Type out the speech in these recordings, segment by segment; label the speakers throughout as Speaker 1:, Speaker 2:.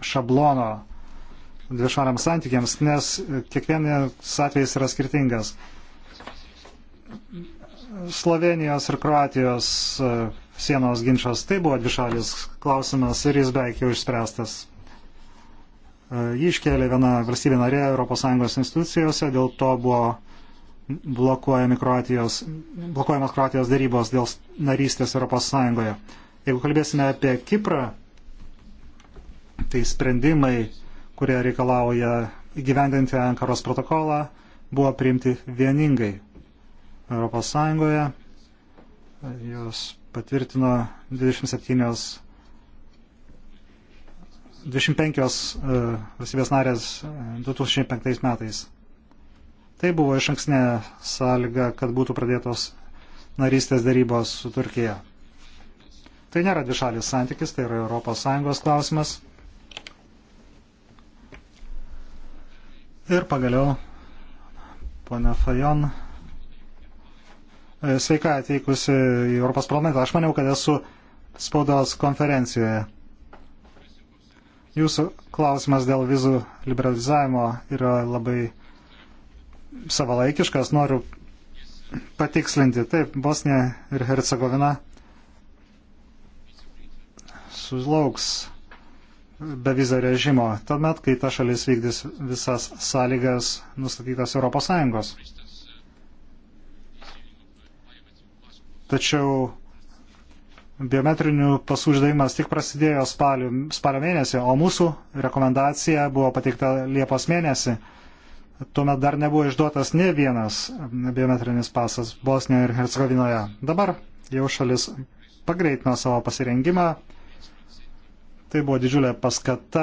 Speaker 1: šablono dvišaliams santykiams, nes kiekvienas atvejis yra skirtingas. Slovenijos ir Kroatijos e, sienos ginčas tai buvo dvišalis klausimas ir jis beveik jau išspręstas. E, jį iškėlė viena valstybė narė ES institucijose, dėl to buvo blokuojami Kroatijos, blokuojamas Kroatijos darybos dėl narystės ES. Jeigu kalbėsime apie Kiprą, tai sprendimai, kurie reikalauja įgyvendinti Ankaros protokolą, buvo priimti vieningai ES. Jos patvirtino 27, 25 e, valstybės narės 2005 e, metais. Tai buvo iš anksnė sąlyga, kad būtų pradėtos narystės darybos su Turkija. Tai nėra dvišalis santykis, tai yra ES klausimas. Ir pagaliau, ponia Fajon, e, sveika atvykusi į Europos parlamentą. Aš maniau, kad esu spaudos konferencijoje. Jūsų klausimas dėl vizų liberalizavimo yra labai savalaikiškas. Noriu patikslinti. Taip, Bosnija ir Hercegovina sulauks bevizą režimo, tuomet, kai ta šalis vykdys visas sąlygas nustatytas ES. Tačiau biometrinių pasų išdavimas tik prasidėjo spalio, spalio mėnesį, o mūsų rekomendacija buvo pateikta Liepos mėnesį. Tuomet dar nebuvo išduotas ne vienas biometrinis pasas Bosnijoje ir Hercegovinoje. Dabar jau šalis pagreitino savo pasirengimą Tai buvo didžiulė paskata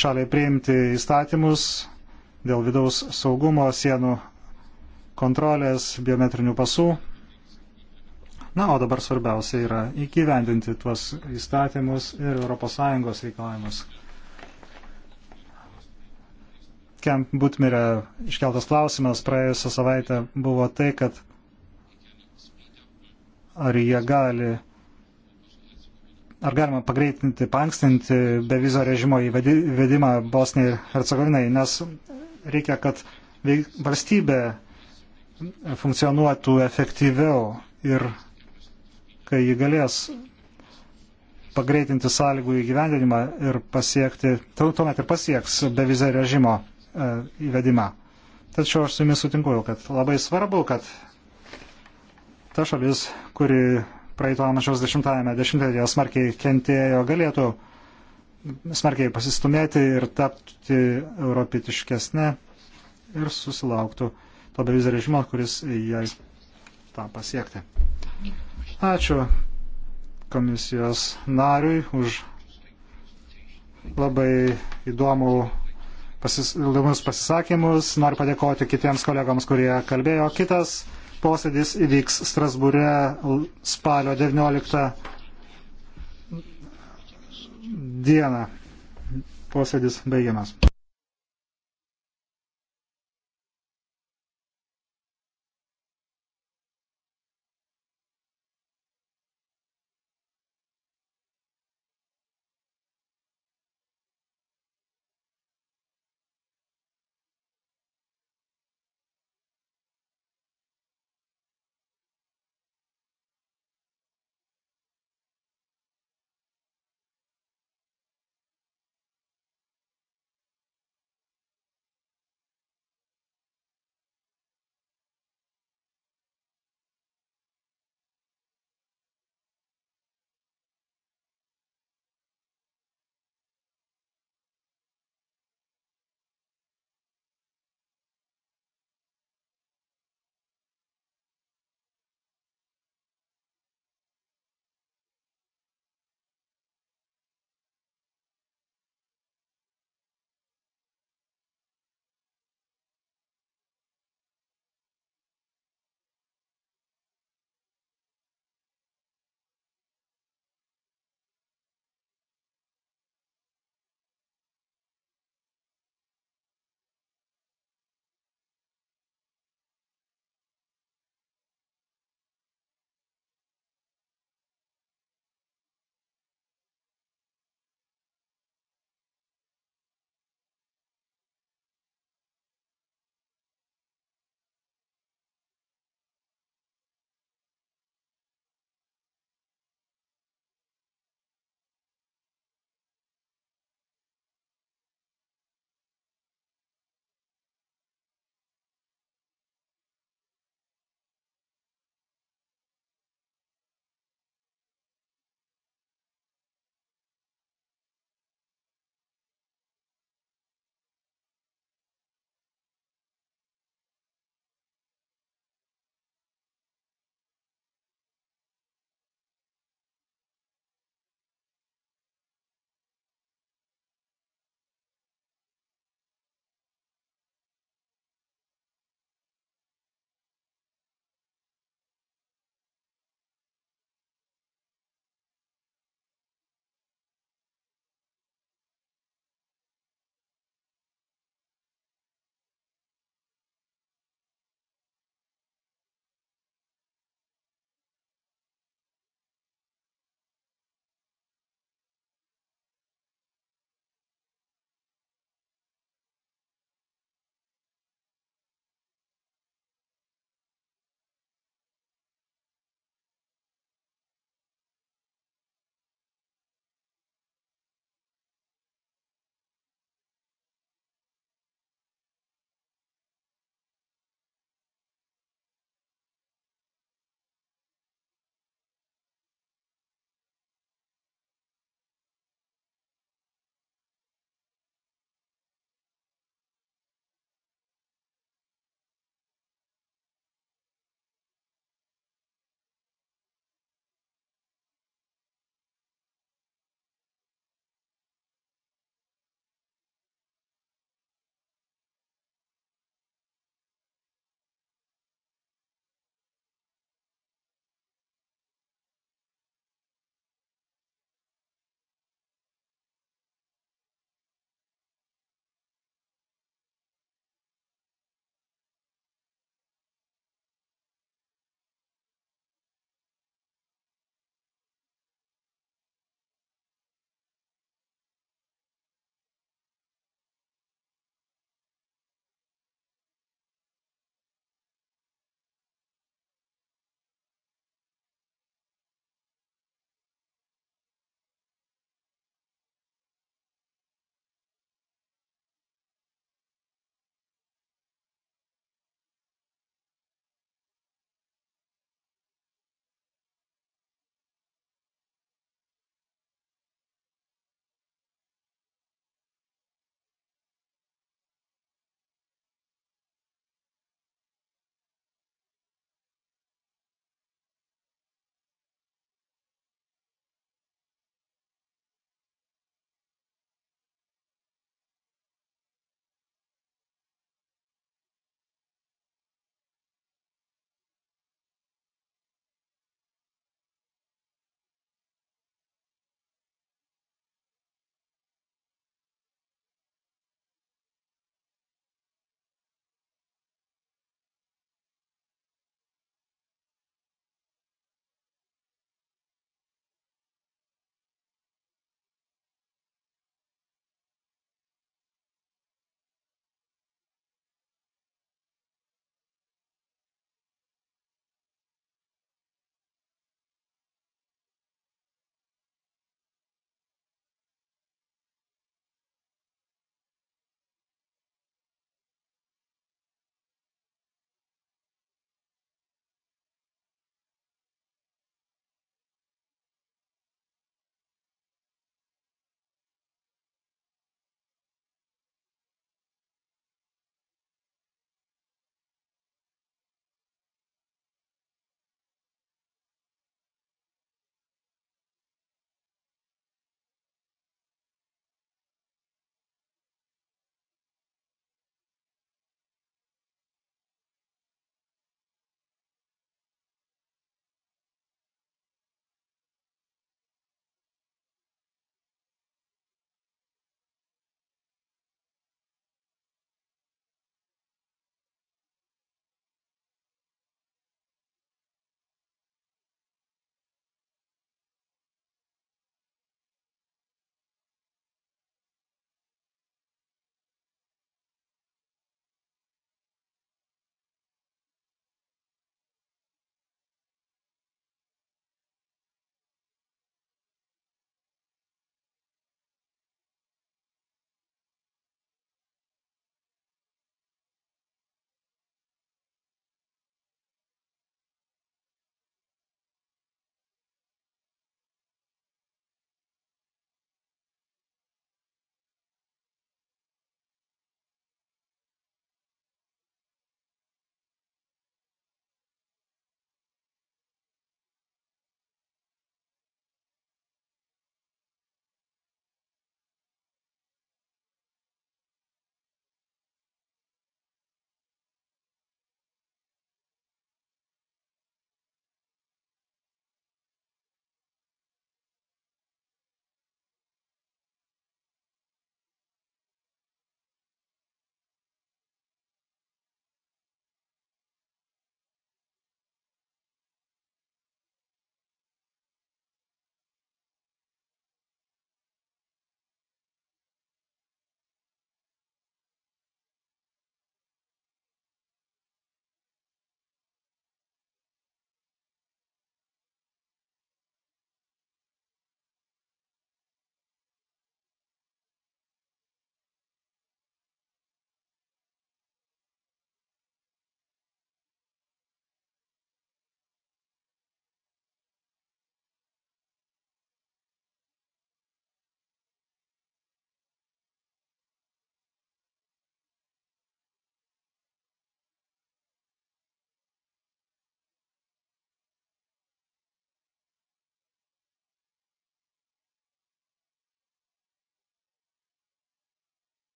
Speaker 1: šaliai priimti įstatymus dėl vidaus saugumo, sienų kontrolės, biometrinių pasų. Na, o dabar svarbiausia yra įgyvendinti tuos įstatymus ir ES reikalavimus. Kemp Butmirė iškeltas klausimas praėjusią savaitę buvo tai, kad ar jie gali ar galima pagreitinti, pankstinti bevizo režimo įvedimą Bosniai ir Hercegovinai, nes reikia, kad valstybė funkcionuotų efektyviau ir kai ji galės pagreitinti sąlygų įgyvendinimą ir pasiekti, tuomet ir pasieks bevizą režimo e, įvedimą. Tačiau aš su jumis sutinku, kad labai svarbu, kad ta šalis, kuri praeito amžiaus 10-ame dešimtmetyje smarkiai kentėjo, galėtų smarkiai pasistumėti ir tapti europietiškesnė ir susilauktų to bevizio režimo, kuris jai tą pasiekti. Ačiū komisijos nariui už labai įdomų pasis, įdomus pasisakymus. Noriu padėkoti kitiems kolegams, kurie kalbėjo. Kitas posėdis įvyks Strasbūre spalio 19 dieną. Posėdis baigiamas.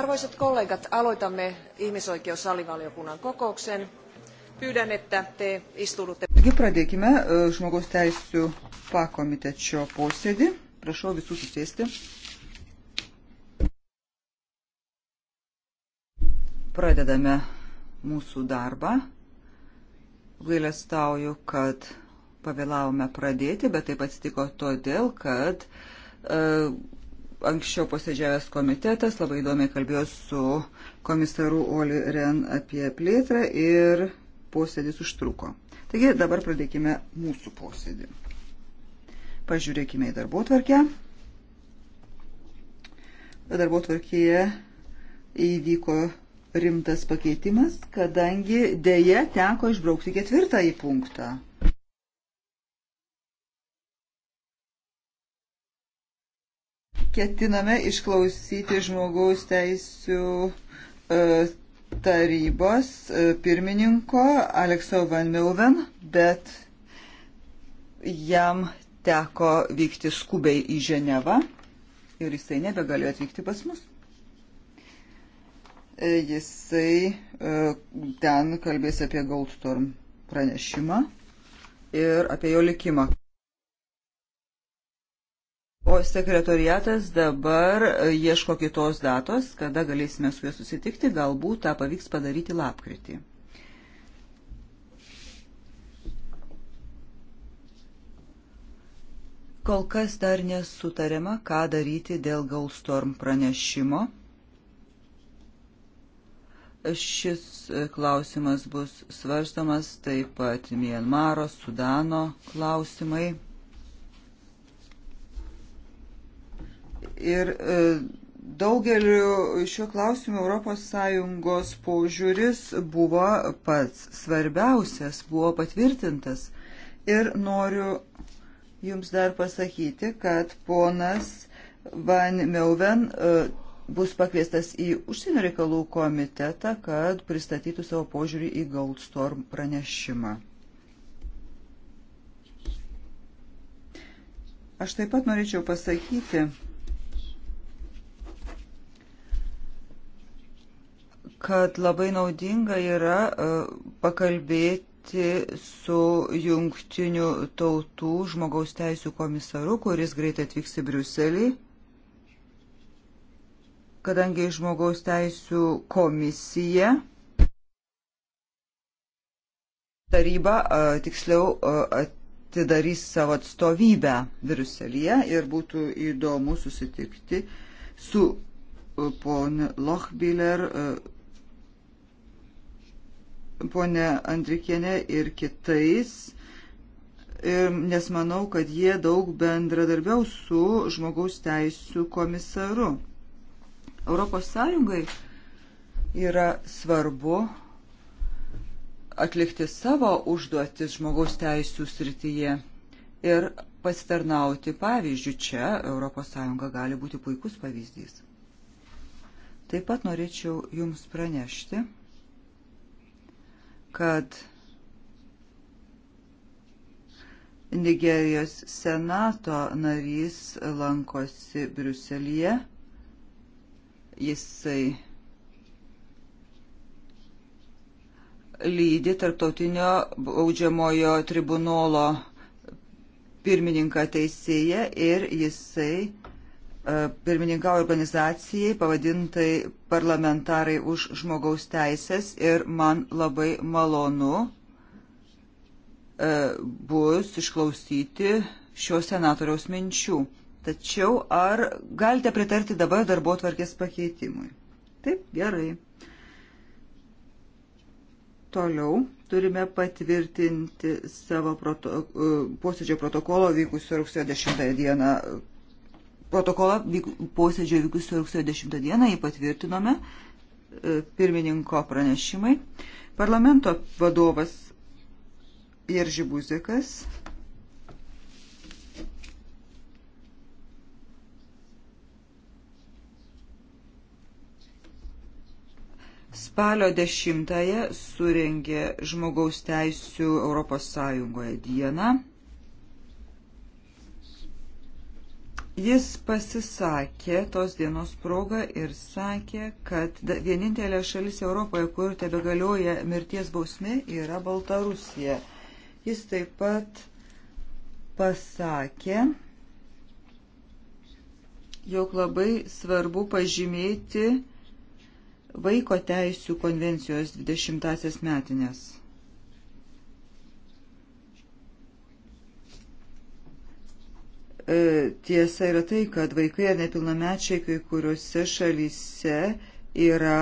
Speaker 2: Arvoisat kollegat, aloitamme ihmisoikeusalivaliokunnan kokouksen. Pyydän, että te istuudutte. Taigi
Speaker 3: pradėkime e, žmogaus teisų pakomitečio posėdį. Prašau visų susėsti. Pradedame mūsų darbą. Gailestauju, kad pavėlavome pradėti, bet taip atsitiko todėl, kad uh, anksčiau posėdžiavęs komitetas labai įdomiai kalbėjo su komisaru Oli Ren apie plėtrą ir posėdis užtruko. Taigi dabar pradėkime mūsų posėdį. Pažiūrėkime į darbo tvarkę. Darbo tvarkėje įvyko rimtas pakeitimas, kadangi dėje teko išbraukti ketvirtąjį punktą. Ketiname išklausyti žmogaus teisų e, tarybos e, pirmininko Alekso Van Milven, bet jam teko vykti skubiai į Ženevą ir jisai nebegalėjo atvykti pas mus e, jisai ten kalbės apie Goldstorm pranešimą ir apie jo likimą. O sekretoriatas dabar ieško kitos datos, kada galėsime su juo susitikti, galbūt tą pavyks padaryti lapkritį. Kol kas dar nesutarėma, ką daryti dėl Gaulstorm pranešimo. Šis klausimas bus svarstomas taip pat Mienmaro, Sudano klausimai. Ir e, daugeliu šiuo klausimu ES požiūris buvo pats svarbiausias, buvo patvirtintas. Ir noriu Jums dar pasakyti, kad ponas Van Meuven e, bus pakviestas į užsienio reikalų komitetą, kad pristatytų savo požiūrį į Goldstorm pranešimą. Aš taip pat norėčiau pasakyti, kad labai naudinga yra e, pakalbėti su jungtinių tautų žmogaus teisų komisaru, kuris greitai atvyks į Briuselį, kadangi žmogaus teisų komisija taryba e, tiksliau e, atidarys savo atstovybę Briuselyje ir būtų įdomu susitikti su pon Lochbiller ponė Andrikienė ir kitais, ir, nes manau, kad jie daug bendradarbiau su žmogaus teisų komisaru. Europos Sąjungai yra svarbu atlikti savo užduotis žmogaus teisų srityje ir pasitarnauti pavyzdžių. Čia ES gali būti puikus pavyzdys. Taip pat norėčiau Jums pranešti, kad Nigerijos senato narys lankosi Briuselyje. Jisai lydi tarptautinio baudžiamojo tribunolo pirmininką teisėje ir jisai E, pirmininkauja organizacijai pavadintai parlamentarai už žmogaus teisės ir man labai malonu e, bus išklausyti šio senatoriaus minčių. Tačiau ar galite pritarti dabar darbo tvarkės pakeitimui? Taip, gerai. Toliau turime patvirtinti savo proto, e, posėdžio protokolo vykusio rugsėjo 10 dieną protokolą posėdžio vykusio rugsėjo 10 dieną jį patvirtinome e, pirmininko pranešimai. Parlamento vadovas Jerži Buzikas spalio 10-ąją surengė žmogaus teisų Europos Sąjungoje dieną. Jis pasisakė tos dienos progą ir sakė, kad vienintelė šalis Europoje, kur tebe galioja mirties bausmė, yra Baltarusija. Jis taip pat pasakė, jog labai svarbu pažymėti Vaiko teisų konvencijos 20-asias metinės. E, tiesa yra tai, kad vaikai ar nepilnamečiai kai kuriuose šalyse yra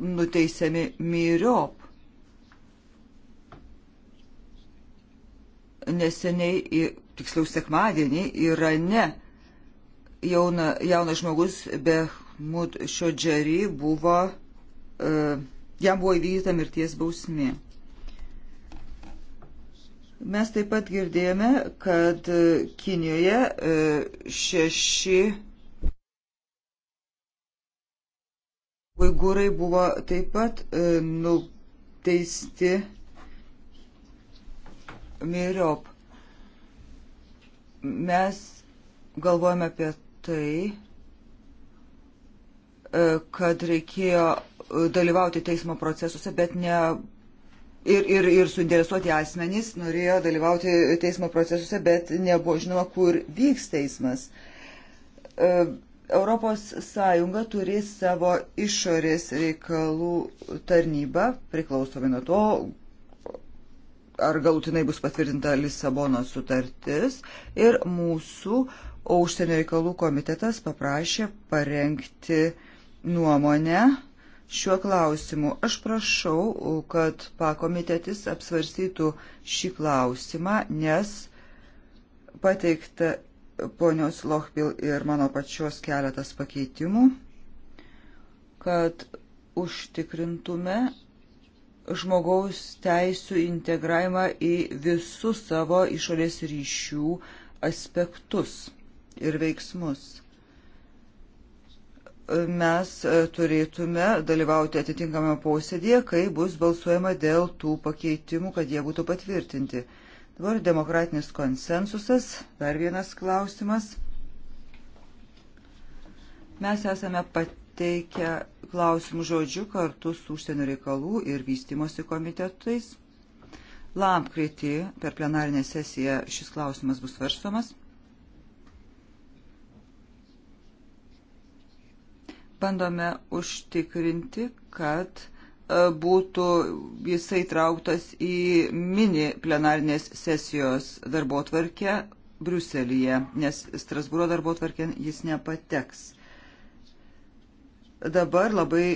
Speaker 3: nuteisiami myriop. Neseniai, tiksliau sekmadienį, Irane jauna, jaunas žmogus be Mud Šodžerį buvo, e, jam buvo įvykdyta mirties bausmė. Mes taip pat girdėjome, kad e, Kinijoje e, šeši uigūrai buvo taip pat e, nuteisti miriop. Mes galvojame apie tai, kad reikėjo dalyvauti teismo procesuose, bet ne ir, ir, ir suinteresuoti asmenys norėjo dalyvauti teismo procesuose, bet nebuvo žinoma, kur vyks teismas. E, Europos Sąjunga turi savo išorės reikalų tarnybą, priklausomai nuo to, ar galutinai bus patvirtinta Lisabonos sutartis ir mūsų užsienio reikalų komitetas paprašė parengti nuomonę šiuo klausimu. Aš prašau, kad pakomitetis apsvarstytų šį klausimą, nes pateikta ponios Lochbil ir mano pačios keletas pakeitimų, kad užtikrintume žmogaus teisų integravimą į visus savo išorės ryšių aspektus ir veiksmus mes e, turėtume dalyvauti atitinkamame posėdėje, kai bus balsuojama dėl tų pakeitimų, kad jie būtų patvirtinti. Dabar demokratinis konsensusas, dar vienas klausimas. Mes esame pateikę klausimų žodžių kartu su užsienio reikalų ir vystimosi komitetais. Lampkritį per plenarinę sesiją šis klausimas bus svarstomas. bandome užtikrinti, kad e, būtų jisai trauktas į mini plenarnės sesijos darbo tvarkę Bruselėje, nes Strasbūro darbo tvarkė jis nepateks. Dabar labai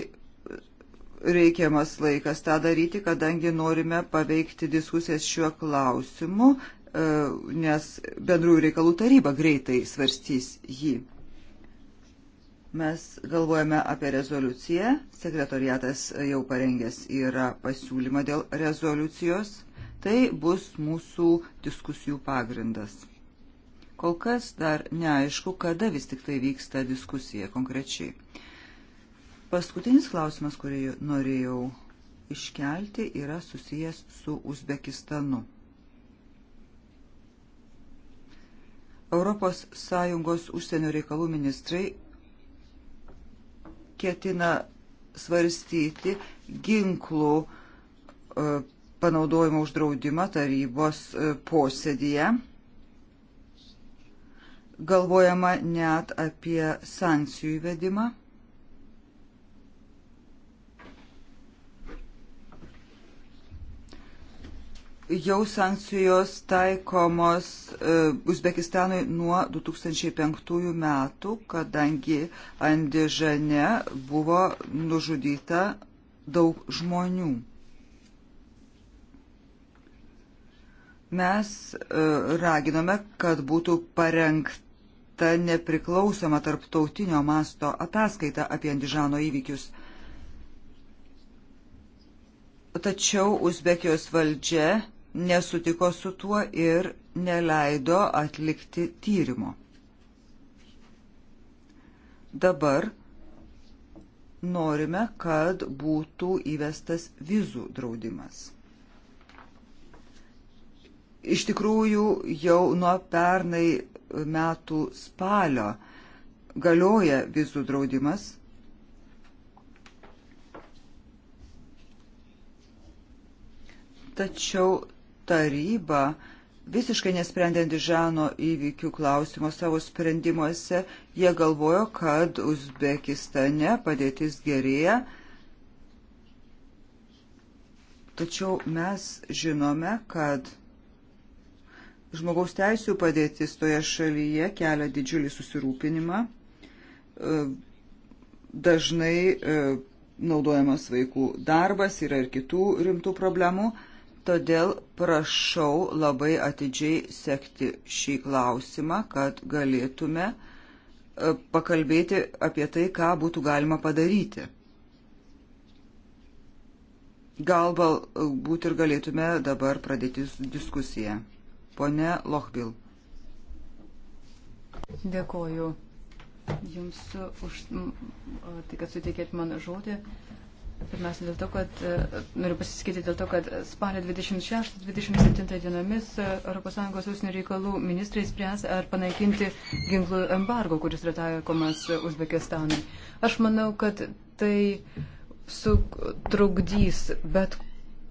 Speaker 3: reikiamas laikas tą daryti, kadangi norime paveikti diskusijas šiuo klausimu, e, nes bendrųjų reikalų taryba greitai svarstys jį. Mes galvojame apie rezoliuciją. Sekretoriatas jau parengęs yra pasiūlymą dėl rezoliucijos. Tai bus mūsų diskusijų pagrindas. Kol kas dar neaišku, kada vis tik tai vyksta diskusija konkrečiai. Paskutinis klausimas, kurį norėjau iškelti, yra susijęs su Uzbekistanu. Europos Sąjungos užsienio reikalų ministrai ketina svarstyti ginklų e, panaudojimo uždraudimą tarybos e, posėdėje. Galvojama net apie sankcijų įvedimą. Jau sankcijos taikomos E, Uzbekistanui nuo 2005 metų, kadangi Andižane buvo nužudyta daug žmonių. Mes e, raginome, kad būtų parengta nepriklausoma tarptautinio masto ataskaita apie Andižano įvykius. Tačiau Uzbekijos valdžia nesutiko su tuo ir neleido atlikti tyrimo. Dabar norime, kad būtų įvestas vizų draudimas. Iš tikrųjų, jau nuo pernai metų spalio galioja vizų draudimas. Tačiau taryba visiškai nesprendėti Žano įvykių klausimo savo sprendimuose, jie galvojo, kad Uzbekistane padėtis gerėja. Tačiau mes žinome, kad žmogaus teisų padėtis toje šalyje kelia didžiulį susirūpinimą. E, dažnai e, naudojamas vaikų darbas, yra ir kitų rimtų problemų. Todėl prašau labai atidžiai sekti šį klausimą, kad galėtume e, pakalbėti apie tai, ką būtų galima padaryti. Galbūt e, ir galėtume dabar pradėti diskusiją. Pone Lochbil.
Speaker 2: Dėkoju Jums už tai, kad suteikėt man žodį. Uh, Pirmiausia, dėl to, kad e, noriu pasiskyti dėl to, kad spalio 26-27 dienomis ES užsienio reikalų ministrai spręs ar panaikinti ginklų embargo, kuris yra taikomas Uzbekistanui. Aš manau, kad tai sutrukdys bet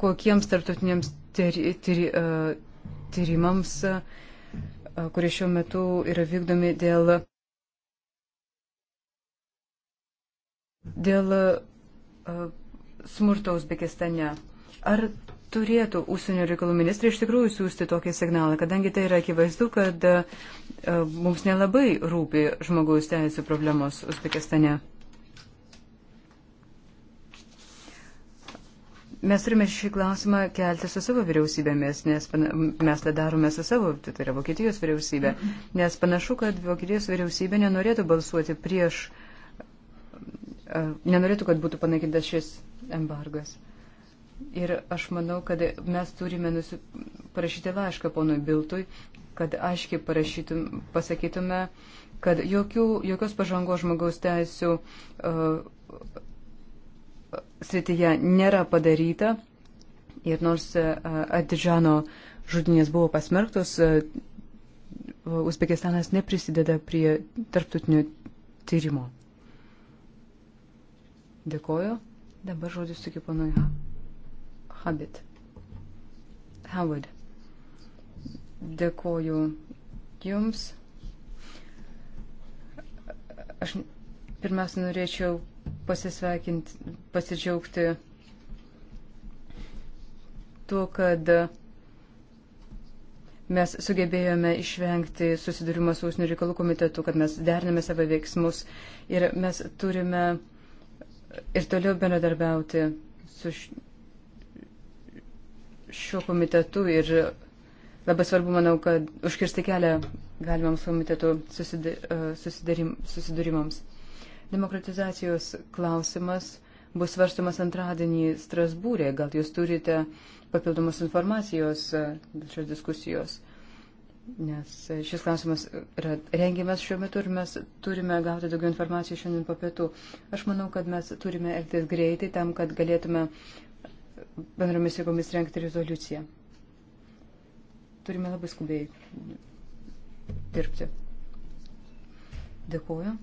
Speaker 2: kokiems tartutiniams tyrimams, tyri, tyri, e, tyri, e, kurie šiuo metu yra vykdomi dėl. dėl E, smurto Uzbekistane. Ar turėtų užsienio reikalų ministrai iš tikrųjų siūsti tokį signalą, kadangi tai yra akivaizdu, kad e, mums nelabai rūpi žmogaus teisų problemos Uzbekistane. Mes turime šį klausimą kelti su savo vyriausybėmis, nes mes tą darome su savo, tai, tai yra Vokietijos vyriausybė, mhm. nes panašu, kad Vokietijos vyriausybė nenorėtų balsuoti prieš uh, E, nenorėtų, kad būtų panaikintas šis embargas. Ir aš manau, kad mes turime nusi... parašyti laišką ponui Biltui, kad aiškiai parašytum, pasakytume, kad jokių, jokios pažangos žmogaus teisų uh, srityje nėra padaryta. Ir nors uh, e, Adidžano žudinės buvo pasmerktos, uh, Uzbekistanas neprisideda prie tarptautinio tyrimo. Dėkoju. Dabar žodis tikiu panui Habit. Howard. Dėkoju Jums. Aš pirmiausia norėčiau pasisveikinti, pasidžiaugti tuo, kad mes sugebėjome išvengti susidūrimą su užsienio reikalų komitetu, kad mes deriname savo veiksmus ir mes turime ir toliau bendradarbiauti su šiuo komitetu ir labai svarbu, manau, kad užkirsti kelią galimams komitetų susidūrimams. Demokratizacijos klausimas bus svarstomas antradienį Strasbūrė. Gal jūs turite papildomos informacijos dėl šios diskusijos? nes e, šis klausimas yra rengiamas šiuo metu ir mes turime gauti daugiau informacijos šiandien po pietų. Aš manau, kad mes turime elgtis greitai tam, kad galėtume bendromis jėgomis rengti rezoliuciją. Turime labai skubiai dirbti. Dėkuoju.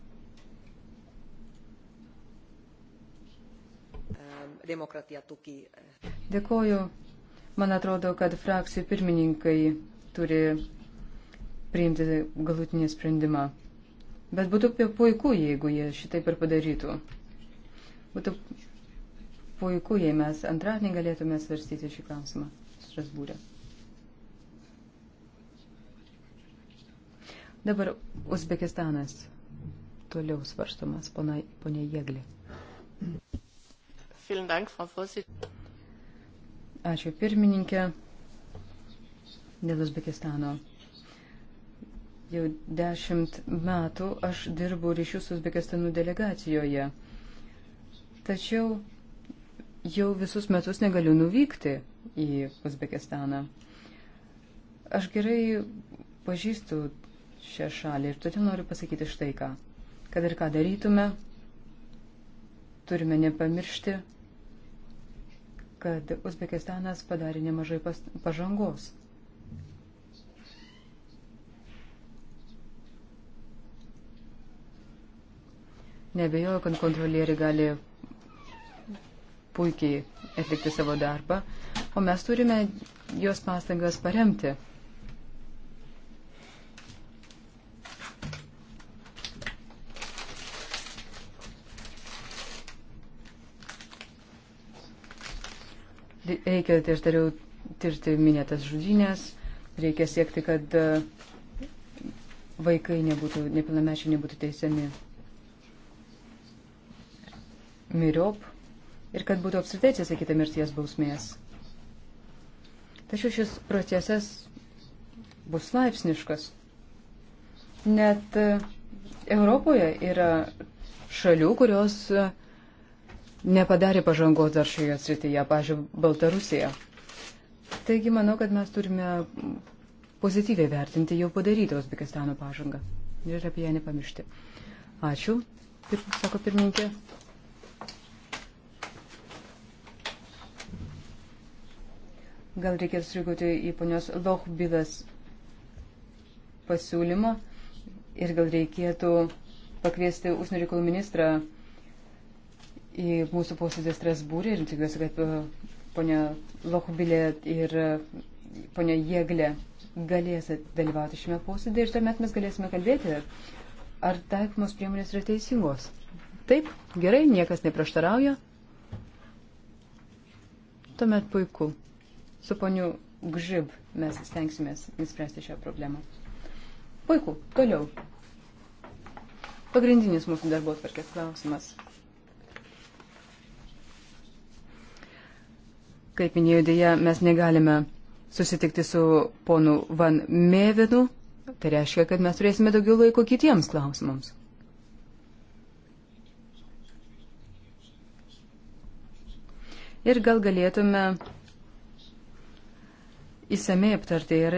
Speaker 2: Demokratija tuki. Dėkuoju. Man atrodo, kad frakcijų pirmininkai turi priimti galutinį sprendimą. Bet būtų puiku, jeigu jie šitaip ir padarytų. Būtų puiku, jei mes antradienį galėtume svarstyti šį klausimą Strasbūrė. Dabar Uzbekistanas toliau svarstomas, ponė Jėglė. Ačiū pirmininkė dėl Uzbekistano. Jau dešimt metų aš dirbu ryšių su Uzbekistanu delegacijoje. Tačiau jau visus metus negaliu nuvykti į Uzbekistaną. Aš gerai pažįstu šią šalį ir todėl noriu pasakyti štai ką. Kad ir ką darytume, turime nepamiršti, kad Uzbekistanas padarė nemažai pažangos. Nebejoju, kad kontrolieriai gali puikiai atlikti savo darbą, o mes turime jos pastangas paremti. Reikia, tai aš dariau, tirti minėtas žudynės, reikia siekti, kad e, vaikai nebūtų, nepilnamečiai nebūtų teisiami myriop ir kad būtų apskritai atsisakyta mirties bausmės. Tačiau šis procesas bus laipsniškas. Net e, Europoje yra šalių, kurios e, nepadarė pažangos dar šioje srityje, pažiūrėjau, Baltarusija. Taigi manau, kad mes turime pozityviai vertinti jau padarytą Uzbekistano pažangą ir apie ją nepamiršti. Ačiū, sako pirmininkė. Gal reikės reaguoti į ponios Lochbilas pasiūlymą ir gal reikėtų pakviesti užsienio reikalų ministrą į mūsų posėdį Strasbūrį ir tikiuosi, kad uh, ponia Lochbilė ir uh, ponia Jėglė galės dalyvauti šiame posėdį ir tuomet mes galėsime kalbėti, ar taikomos priemonės yra teisingos. Taip, gerai, niekas neprieštarauja. Tuomet puiku. Su poniu Gžib mes stengsimės spręsti šią problemą. Puiku, toliau. Pagrindinis mūsų darbo atvarkės klausimas. Kaip minėjau, dėja, mes negalime susitikti su ponu Van Mevinu. Tai reiškia, kad mes turėsime daugiau laiko kitiems klausimams. Ir gal galėtume įsamei aptarti ir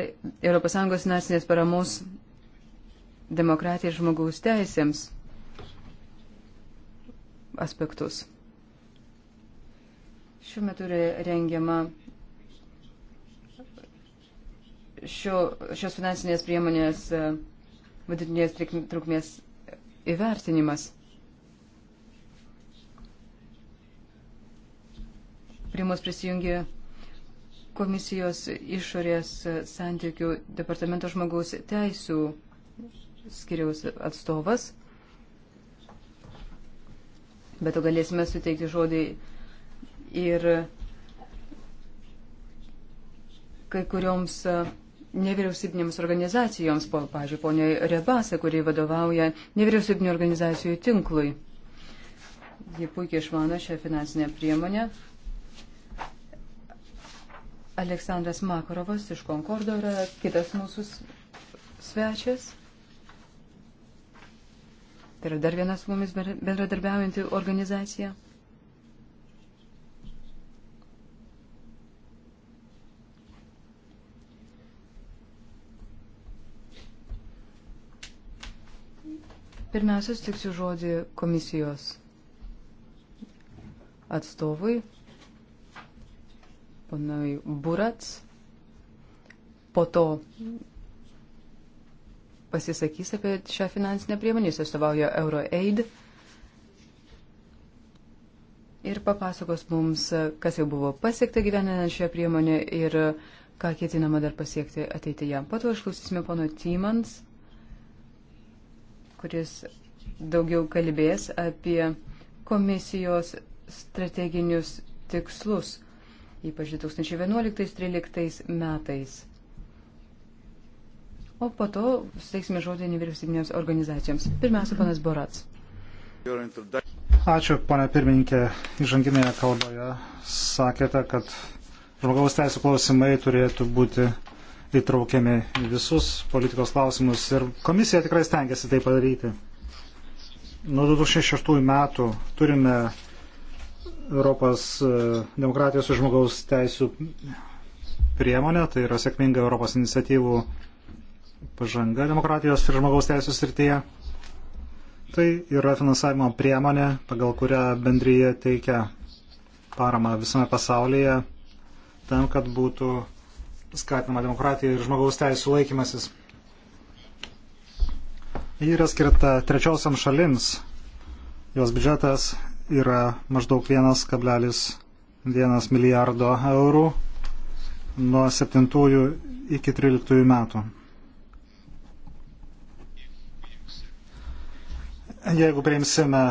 Speaker 2: ES nacinės paramos demokratija ir žmogaus teisėms aspektus. Šiuo metu yra rengiama šio, šios finansinės priemonės e, vidutinės trukmės įvertinimas. Prie mus prisijungė komisijos išorės santykių departamento žmogaus teisų skiriaus atstovas. Bet to galėsime suteikti žodį ir kai kurioms nevyriausybinėms organizacijoms, po, pažiūrėjau, poniai Rebasa, kuri vadovauja nevyriausybinio organizacijų tinklui. Ji puikiai išmano šią finansinę priemonę Aleksandras Makarovas iš Konkordo yra kitas mūsų svečias. Tai yra dar vienas su mumis bendradarbiaujanti organizacija. Pirmiausia, tiksiu žodį komisijos atstovui ponui Burats. Po to pasisakys apie šią finansinę priemonę, jis atstovauja EuroAid ir papasakos mums, kas jau buvo pasiekta gyveninant šią priemonę ir ką ketinama dar pasiekti ateityje. Po to išklausysime pono Tymans, kuris daugiau kalbės apie komisijos strateginius tikslus ypač 2011-2013 metais. O po to steiksime žodį nevyriausybinėms organizacijoms. Pirmiausia, panas Borats.
Speaker 1: Ačiū, ponia pirmininkė. Įžanginėje kalboje sakėte, kad žmogaus teisų klausimai turėtų būti įtraukiami į visus politikos klausimus ir komisija tikrai stengiasi tai padaryti. Nuo 2006 metų turime Europos e, demokratijos ir žmogaus teisų priemonė, tai yra sėkminga Europos iniciatyvų pažanga demokratijos ir žmogaus teisų srityje. Tai yra finansavimo priemonė, pagal kurią bendryje teikia paramą visame pasaulyje tam, kad būtų skatinama demokratija ir žmogaus teisų laikymasis. Ji yra skirta trečiosiam šalims. Jos biudžetas yra maždaug 1,1 milijardo eurų nuo 7 iki 13 metų. Jeigu priimsime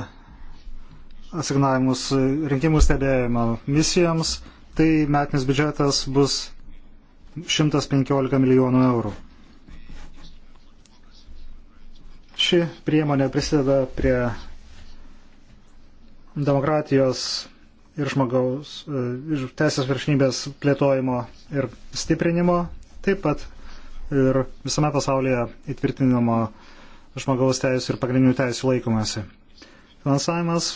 Speaker 1: asignavimus rinkimų stebėjimo misijoms, tai metinis biudžetas bus 115 milijonų eurų. Ši priemonė prisideda prie demokratijos ir žmogaus, e, ir teisės viršnybės plėtojimo ir stiprinimo, taip pat ir visame pasaulyje įtvirtinimo žmogaus teisų ir pagrindinių teisų laikomasi. Finansavimas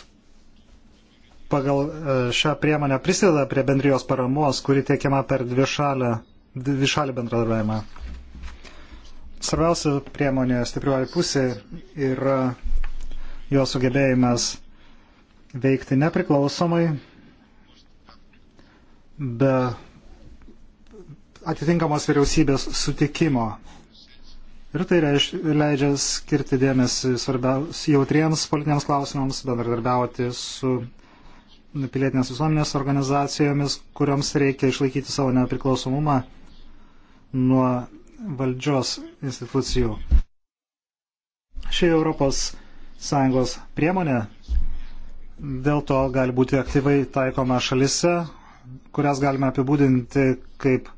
Speaker 1: pagal e, šią priemonę prisideda prie bendrijos paramos, kuri tiekiama per dvišalę, dvišalį bendradarbiavimą. Svarbiausia priemonė stipriuoji pusė yra jo sugebėjimas veikti nepriklausomai, be atitinkamos vyriausybės sutikimo. Ir tai reiš, leidžia skirti dėmesį jautriems politiniams klausimams, bendradarbiauti su pilietinės visuomenės organizacijomis, kuriams reikia išlaikyti savo nepriklausomumą nuo valdžios institucijų. Ši Europos Sąjungos priemonė Dėl to gali būti aktyvai taikoma šalise, kurias galime apibūdinti kaip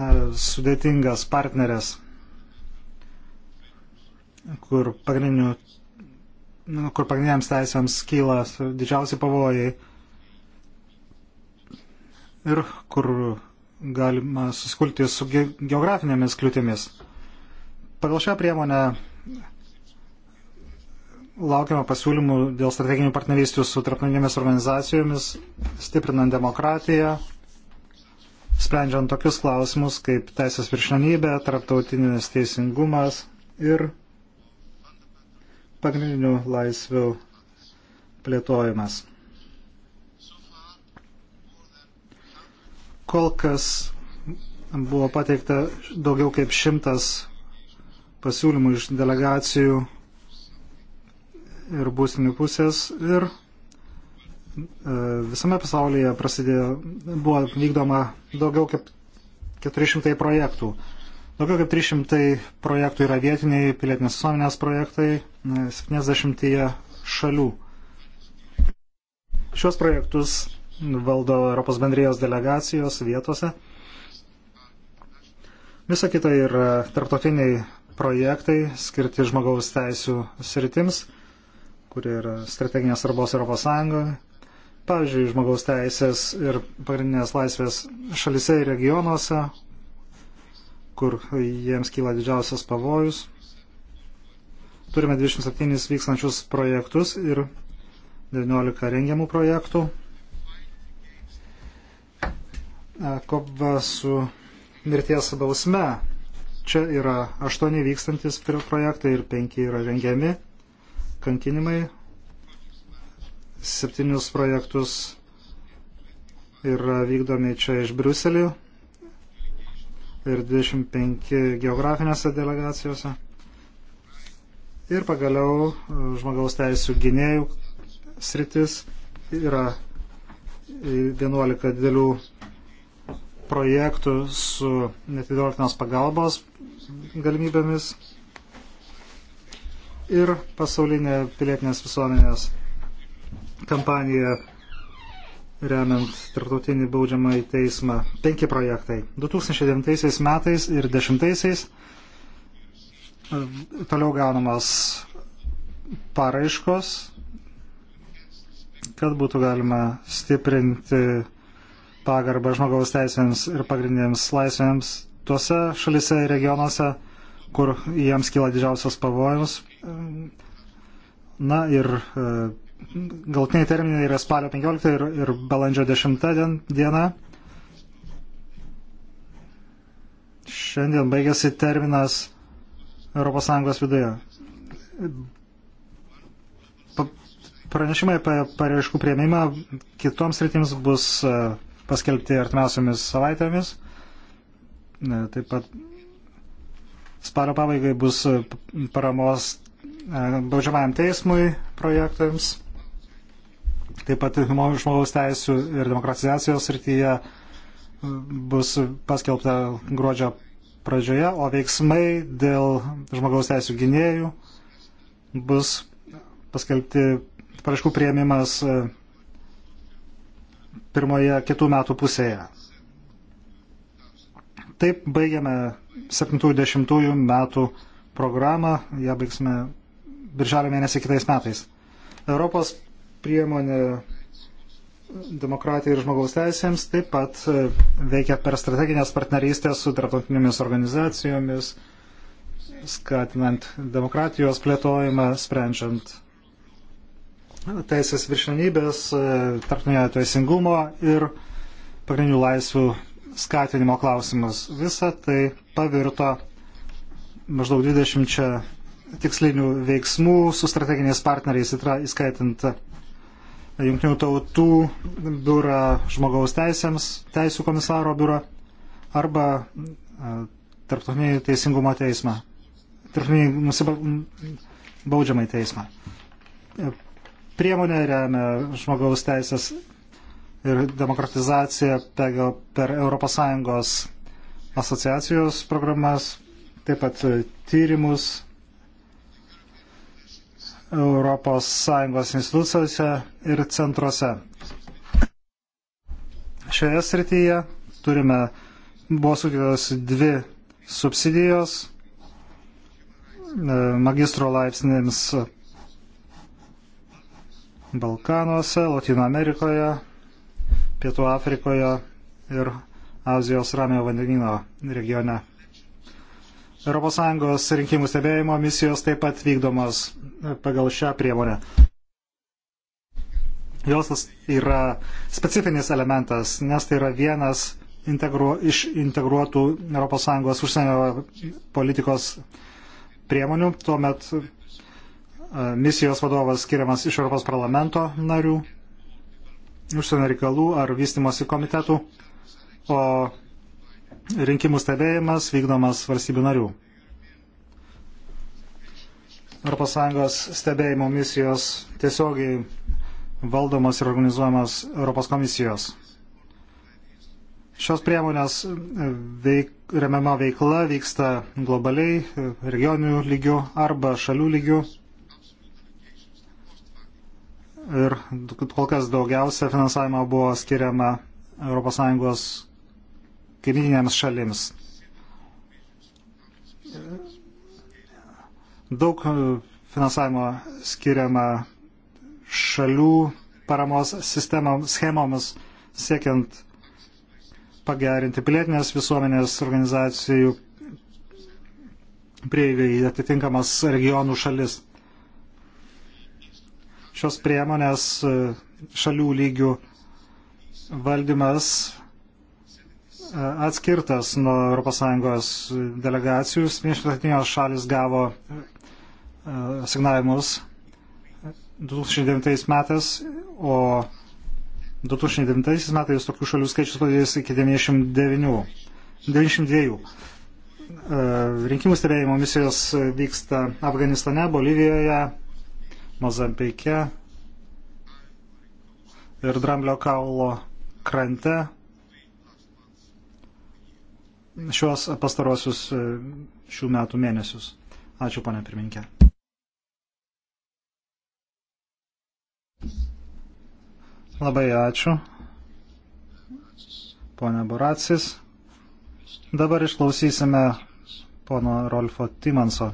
Speaker 1: na, sudėtingas partnerės, kur, pagrindinių, kur pagrindiniams teisėms kyla didžiausi pavojai ir kur galima suskulti su geografinėmis kliūtimis. Pagal šią priemonę laukiame pasiūlymų dėl strateginių partnerystų su tarptautinėmis organizacijomis, stiprinant demokratiją, sprendžiant tokius klausimus kaip teisės viršnanybė, tarptautinis teisingumas ir pagrindinių laisvių plėtojimas. Kol kas buvo pateikta daugiau kaip šimtas pasiūlymų iš delegacijų ir būsinių pusės ir e, visame pasaulyje prasidėjo, buvo vykdoma daugiau kaip 400 projektų. Daugiau kaip 300 projektų yra vietiniai pilietinės visuomenės projektai 70 šalių. Šios projektus valdo Europos bendrijos delegacijos vietose. Visa kita yra tarptautiniai projektai skirti žmogaus teisų sritims kurie yra strateginės svarbos Europos Sąjungoje. Pavyzdžiui, žmogaus teisės ir pagrindinės laisvės šalise ir regionuose, kur jiems kyla didžiausias pavojus. Turime 27 vykstančius projektus ir 19 rengiamų projektų. E, kova su mirties bausme. Čia yra 8 vykstantis projektai ir 5 yra rengiami kankinimai, septynius projektus yra vykdomi čia iš Briuselį ir 25 geografinėse delegacijose. Ir pagaliau e, žmogaus teisų gynėjų sritis yra 11 didelių projektų su netidortinos pagalbos galimybėmis ir pasaulinė pilietinės visuomenės kampanija remiant tarptautinį baudžiamą į teismą. Penki projektai. 2009 metais ir 2010 e, toliau gaunamas paraiškos, kad būtų galima stiprinti pagarbą žmogaus teisėms ir pagrindiniams laisvėms tuose šalise ir regionuose, kur jiems kyla didžiausias pavojus, Na ir e, galtiniai terminai yra spalio 15 ir, ir balandžio 10 dien, diena. Šiandien baigėsi terminas ES viduje. Pa, pranešimai apie pareiškų prieimimą kitoms rytims bus e, paskelbti artimiausiamis savaitėmis. E, taip pat spalio pabaigai bus paramos baudžiamajam teismui projektams, taip pat žmogaus teisų ir demokratizacijos srityje e, bus paskelbta gruodžio pradžioje, o veiksmai dėl žmogaus teisų gynėjų bus paskelbti paraškų prieimimas e, pirmoje kitų metų pusėje. Taip baigiame 70 metų programą, ją baigsime birželio mėnesį kitais metais. Europos priemonė demokratijai ir žmogaus teisėms taip pat e, veikia per strateginės partnerystės su tarptautinėmis organizacijomis, skatinant demokratijos plėtojimą, sprendžiant teisės viršenybės, e, tarptautinio teisingumo ir pagrindinių laisvių skatinimo klausimus. Visa tai pavirto maždaug 20 tikslinių veiksmų su strateginiais partneriais, įskaitant e, Junktinių tautų biurą žmogaus teisėms, teisų komisaro biurą arba e, tarptautinį teisingumo teismą, tarptautinį nusibal... baudžiamą teismą. E, Priemonė remia žmogaus teisės ir demokratizaciją per ES asociacijos programas, taip pat tyrimus ES institucijose ir centruose. Šioje srityje turime, buvo sutiktos dvi subsidijos e, magistro laipsnėms Balkanuose, Latino Amerikoje, Pietų Afrikoje ir Azijos ramio vandenino regione. ES rinkimų stebėjimo misijos taip pat vykdomos pagal šią priemonę. Jos yra specifinis elementas, nes tai yra vienas integru, iš integruotų ES užsienio politikos priemonių. Tuomet e, misijos vadovas skiriamas iš Europos parlamento narių, užsienio reikalų ar vystimosi komitetų, o rinkimų stebėjimas vykdomas valstybių narių. ES stebėjimo misijos tiesiogiai valdomas ir organizuojamas Europos komisijos. Šios priemonės veik, remiama veikla vyksta globaliai, regioninių lygių arba šalių lygių. Ir kol kas daugiausia finansavimo buvo skiriama ES kaiminėms šalims. Daug finansavimo skiriama šalių paramos sistemom, schemoms siekiant pagerinti pilietinės visuomenės organizacijų prieigą į atitinkamas regionų šalis. Šios priemonės šalių lygių valdymas atskirtas nuo ES delegacijų. 77 šalis gavo signavimus 2009 metais, o 2009 metais tokių šalių skaičius padidės iki 99, 92. Rinkimų stebėjimo misijos vyksta Afganistane, Bolivijoje, Mozambike ir Dramblio kaulo krante šios pastarosius e, šių metų mėnesius. Ačiū, ponė pirminkė. Labai ačiū. Pone Buracis. Dabar išklausysime pono Rolfo Timanso.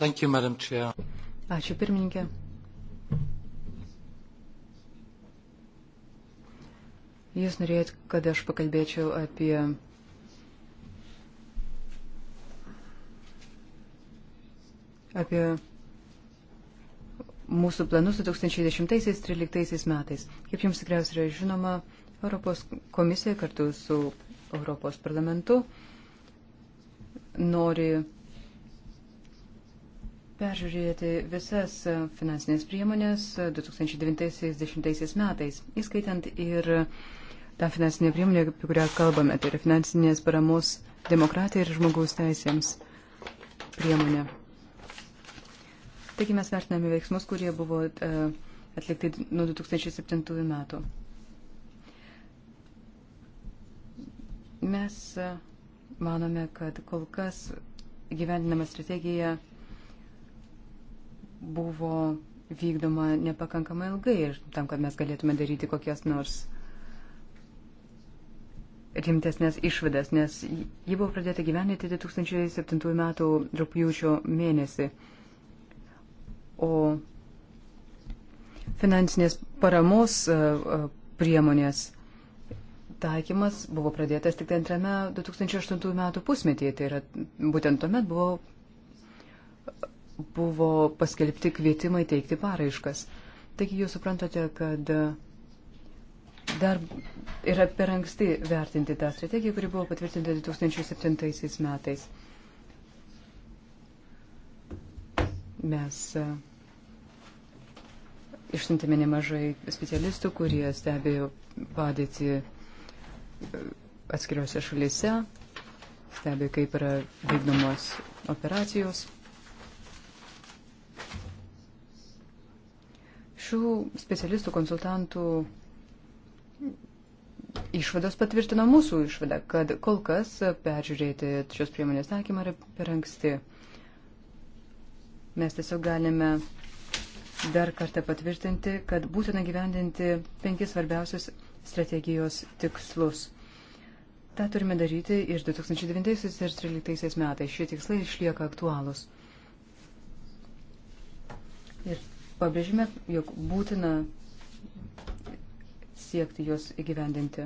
Speaker 1: You,
Speaker 2: Ačiū pirmininkė. Jūs norėjot, kad aš pakalbėčiau apie apie mūsų planus 2010-2013 metais. Kaip jums tikriausiai yra žinoma, Europos komisija kartu su Europos parlamentu nori peržiūrėti visas finansinės priemonės 2009-2010 metais, įskaitant ir tą finansinę priemonę, apie kurią kalbame, tai yra finansinės paramos demokratija ir žmogaus teisėms priemonė. Taigi mes vertiname veiksmus, kurie buvo e, atlikti nuo 2007 metų. Mes e, manome, kad kol kas gyvendinama strategija buvo vykdoma nepakankamai ilgai ir tam, kad mes galėtume daryti kokias nors rimtesnės išvadas, nes ji buvo pradėta gyveninti 2007 m. rūpjūčio mėnesį. O finansinės paramos e, e, priemonės taikymas buvo pradėtas tik tai antrame 2008 m. pusmetyje, tai yra būtent tuomet buvo buvo paskelbti kvietimai teikti paraiškas. Taigi jūs suprantate, kad dar yra per anksti vertinti tą strategiją, kuri buvo patvirtinta 2007 metais. Mes e, išsintėme nemažai specialistų, kurie stebėjo padėti e, atskiriuose šalyse, stebė, kaip yra vykdomos operacijos. Šių specialistų konsultantų išvados patvirtino mūsų išvadą, kad kol kas peržiūrėti šios priemonės taikymą yra per anksti. Mes tiesiog galime dar kartą patvirtinti, kad būtina gyvendinti penkis svarbiausius strategijos tikslus. Ta turime daryti ir 2009 ir 2013 metais. Šie tikslai išlieka aktualūs. Ir pabrėžime, jog būtina siekti juos įgyvendinti.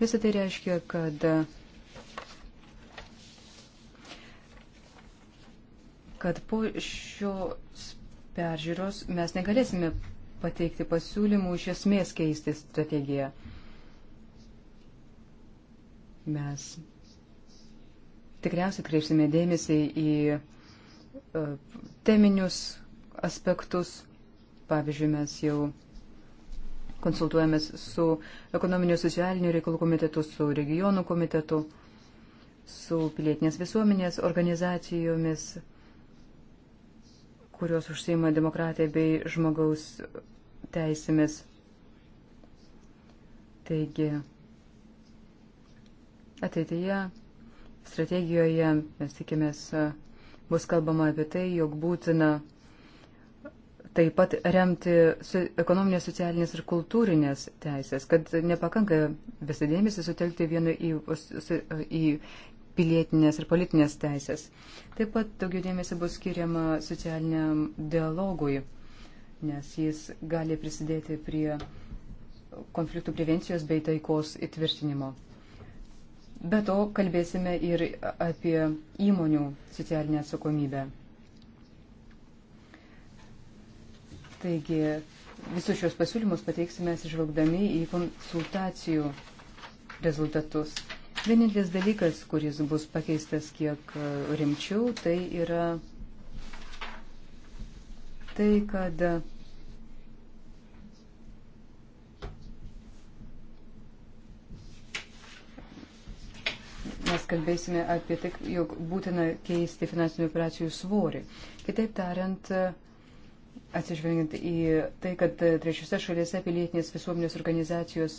Speaker 2: Visą tai reiškia, kad kad po šios peržiūros mes negalėsime pateikti pasiūlymų iš esmės keisti strategiją. Mes tikriausiai kreipsime dėmesį į e, teminius aspektus Pavyzdžiui, mes jau konsultuojamės su ekonominio socialinių reikalų komitetu, su regionų komitetu, su pilietinės visuomenės organizacijomis, kurios užsima demokratija bei žmogaus teisėmis. Taigi, ateityje strategijoje mes tikimės bus kalbama apie tai, jog būtina taip pat remti ekonominės, socialinės ir kultūrinės teisės, kad nepakanka visą dėmesį sutelkti vieną į, į pilietinės ir politinės teisės. Taip pat daugiau dėmesio bus skiriama socialiniam dialogui, nes jis gali prisidėti prie konfliktų prevencijos bei taikos įtvirtinimo. Be to kalbėsime ir apie įmonių socialinę atsakomybę. Taigi visus šios pasiūlymus pateiksime išvelgdami į konsultacijų rezultatus. Vienintelis dalykas, kuris bus pakeistas kiek e, rimčiau, tai yra tai, kad mes kalbėsime apie tai, jog būtina keisti finansinių operacijų svorį. Kitaip tariant, atsižvelgiant į tai, kad trečiose šalyse pilietinės visuomenės organizacijos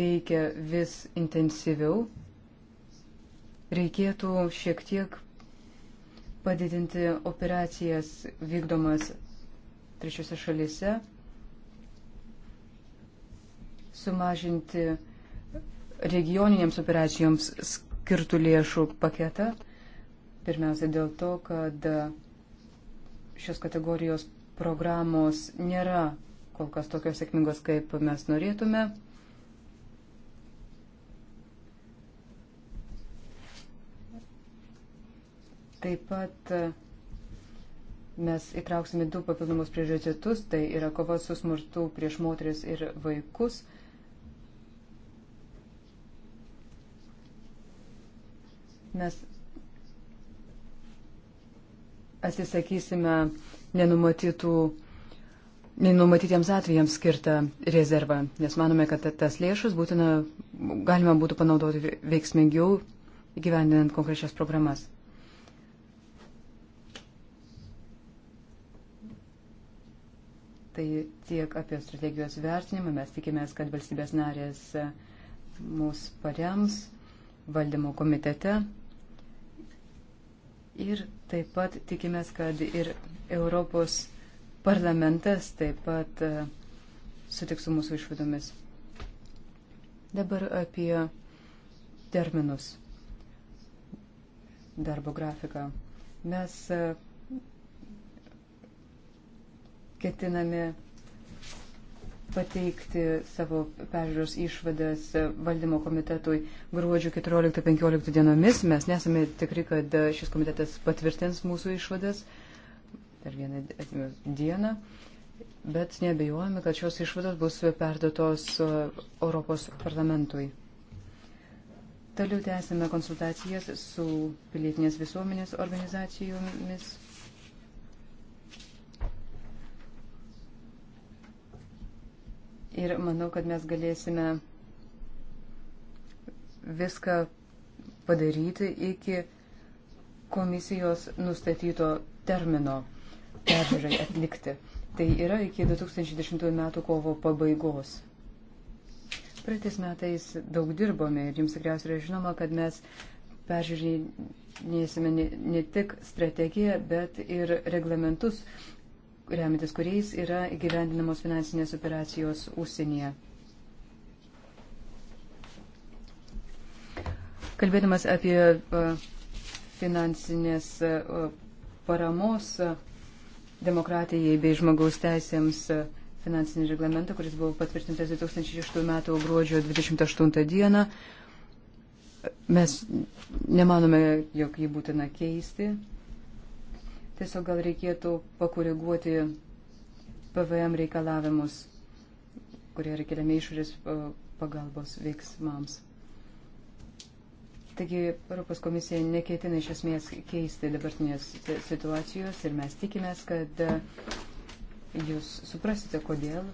Speaker 2: veikia vis intensyviau, reikėtų šiek tiek padidinti operacijas vykdomas trečiose šalyse, sumažinti regioninėms operacijoms skirtų lėšų paketą. Pirmiausia dėl to, kad šios kategorijos programos nėra kol kas tokios sėkmingos, kaip mes norėtume. Taip pat e, mes įtrauksime du papildomus prioritetus, tai yra kova su smurtu prieš moteris ir vaikus. Mes atsisakysime nenumatytų, nenumatytiems atvejams skirtą rezervą, nes manome, kad tas lėšas būtina, galima būtų panaudoti veiksmingiau gyvendinant konkrečias programas. Tai tiek apie strategijos vertinimą. Mes tikimės, kad valstybės narės mūsų parems valdymo komitete. Ir taip pat tikimės, kad ir Europos parlamentas taip pat e, sutiks su mūsų išvadomis. Dabar apie terminus. Darbo grafiką. Mes e, ketiname pateikti savo peržiūros išvadas valdymo komitetui gruodžio 14-15 dienomis. Mes nesame tikri, kad šis komitetas patvirtins mūsų išvadas per vieną dieną, bet nebejojame, kad šios išvados bus perdotos Europos parlamentui. Toliau tęsime konsultacijas su pilietinės visuomenės organizacijomis Ir manau, kad mes galėsime viską padaryti iki komisijos nustatyto termino peržiūrai atlikti. Tai yra iki 2010 metų kovo pabaigos. Praeitais metais daug dirbome ir jums tikriausiai yra žinoma, kad mes peržiūrėsime ne, ne tik strategiją, bet ir reglamentus, remintis kuriais yra įgyvendinamos finansinės operacijos užsienyje. Kalbėdamas apie e, finansinės e, paramos demokratijai bei žmogaus teisėms e, finansinį reglamentą, kuris buvo patvirtintas 2006 m. gruodžio 28 d. Mes nemanome, jog jį būtina keisti. Tiesiog gal reikėtų pakoreguoti PVM reikalavimus, kurie yra keliami išorės e, pagalbos veiksmams. Taigi Europos komisija neketina iš esmės keisti dabartinės situacijos ir mes tikimės, kad e, jūs suprasite, kodėl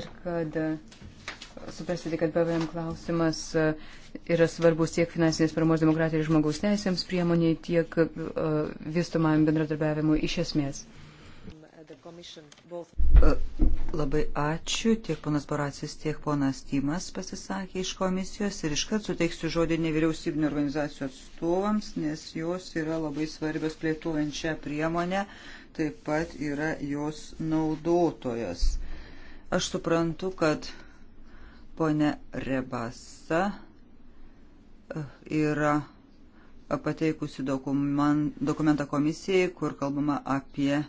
Speaker 2: ir kad suprasite, kad PVM klausimas e, yra svarbus tiek finansinės paramos demokratijai ir žmogaus teisėms priemoniai, tiek e, vystomam bendradarbiavimui iš esmės.
Speaker 3: E, labai ačiū. Tiek ponas Baracis, tiek ponas Timas pasisakė iš komisijos ir iškart suteiksiu žodį nevyriausybinio organizacijų atstovams, nes jos yra labai svarbios plėtuojant šią priemonę, taip pat yra jos naudotojas. Aš suprantu, kad Pone Rebasa e, yra pateikusi dokumentą komisijai, kur kalbama apie e,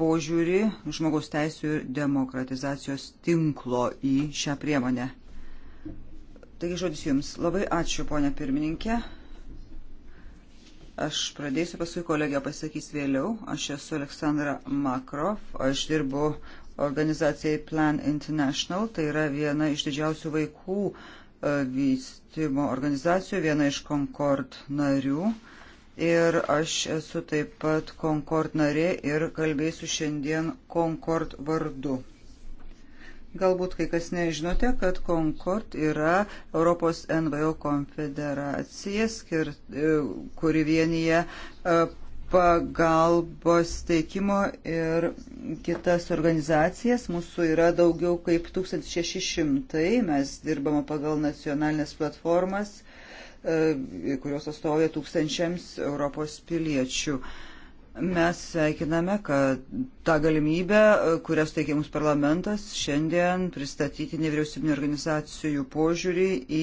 Speaker 3: požiūrį žmogaus teisų ir demokratizacijos tinklo į šią priemonę. Taigi žodis Jums. Labai ačiū, ponia pirmininkė. Aš pradėsiu, paskui kolegė pasakys vėliau. Aš esu Aleksandra Makrov, aš dirbu organizacijai Plan International. Tai yra viena iš didžiausių vaikų e, vystimo organizacijų, viena iš Concord narių. Ir aš esu taip pat Concord narė ir kalbėsiu šiandien Concord vardu. Galbūt kai kas nežinote, kad Concord yra Europos NVO konfederacija, skir, e, kuri vienyje e, pagalbos teikimo ir kitas organizacijas. Mūsų yra daugiau kaip 1600. Mes dirbame pagal nacionalinės platformas, e, kurios atstovauja tūkstančiams Europos piliečių. Mes sveikiname, kad tą galimybę, kurią suteikė mums parlamentas, šiandien pristatyti nevyriausybinio organizacijų požiūrį į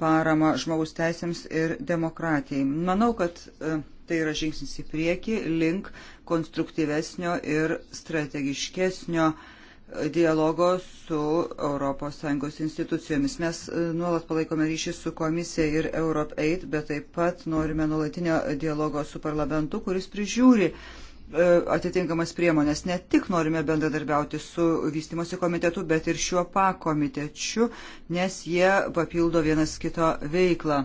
Speaker 3: paramą žmogaus teisėms ir demokratijai. Manau, kad uh, Tai yra žingsnis į priekį link konstruktyvesnio ir strategiškesnio dialogo su ES institucijomis. Mes e, nuolat palaikome ryšį su komisija ir Europe 8, bet taip pat norime nuolatinio dialogo su parlamentu, kuris prižiūri e, atitinkamas priemonės. Ne tik norime bendradarbiauti su vystimosi komitetu, bet ir šiuo pakomitečiu, nes jie papildo vienas kito veiklą.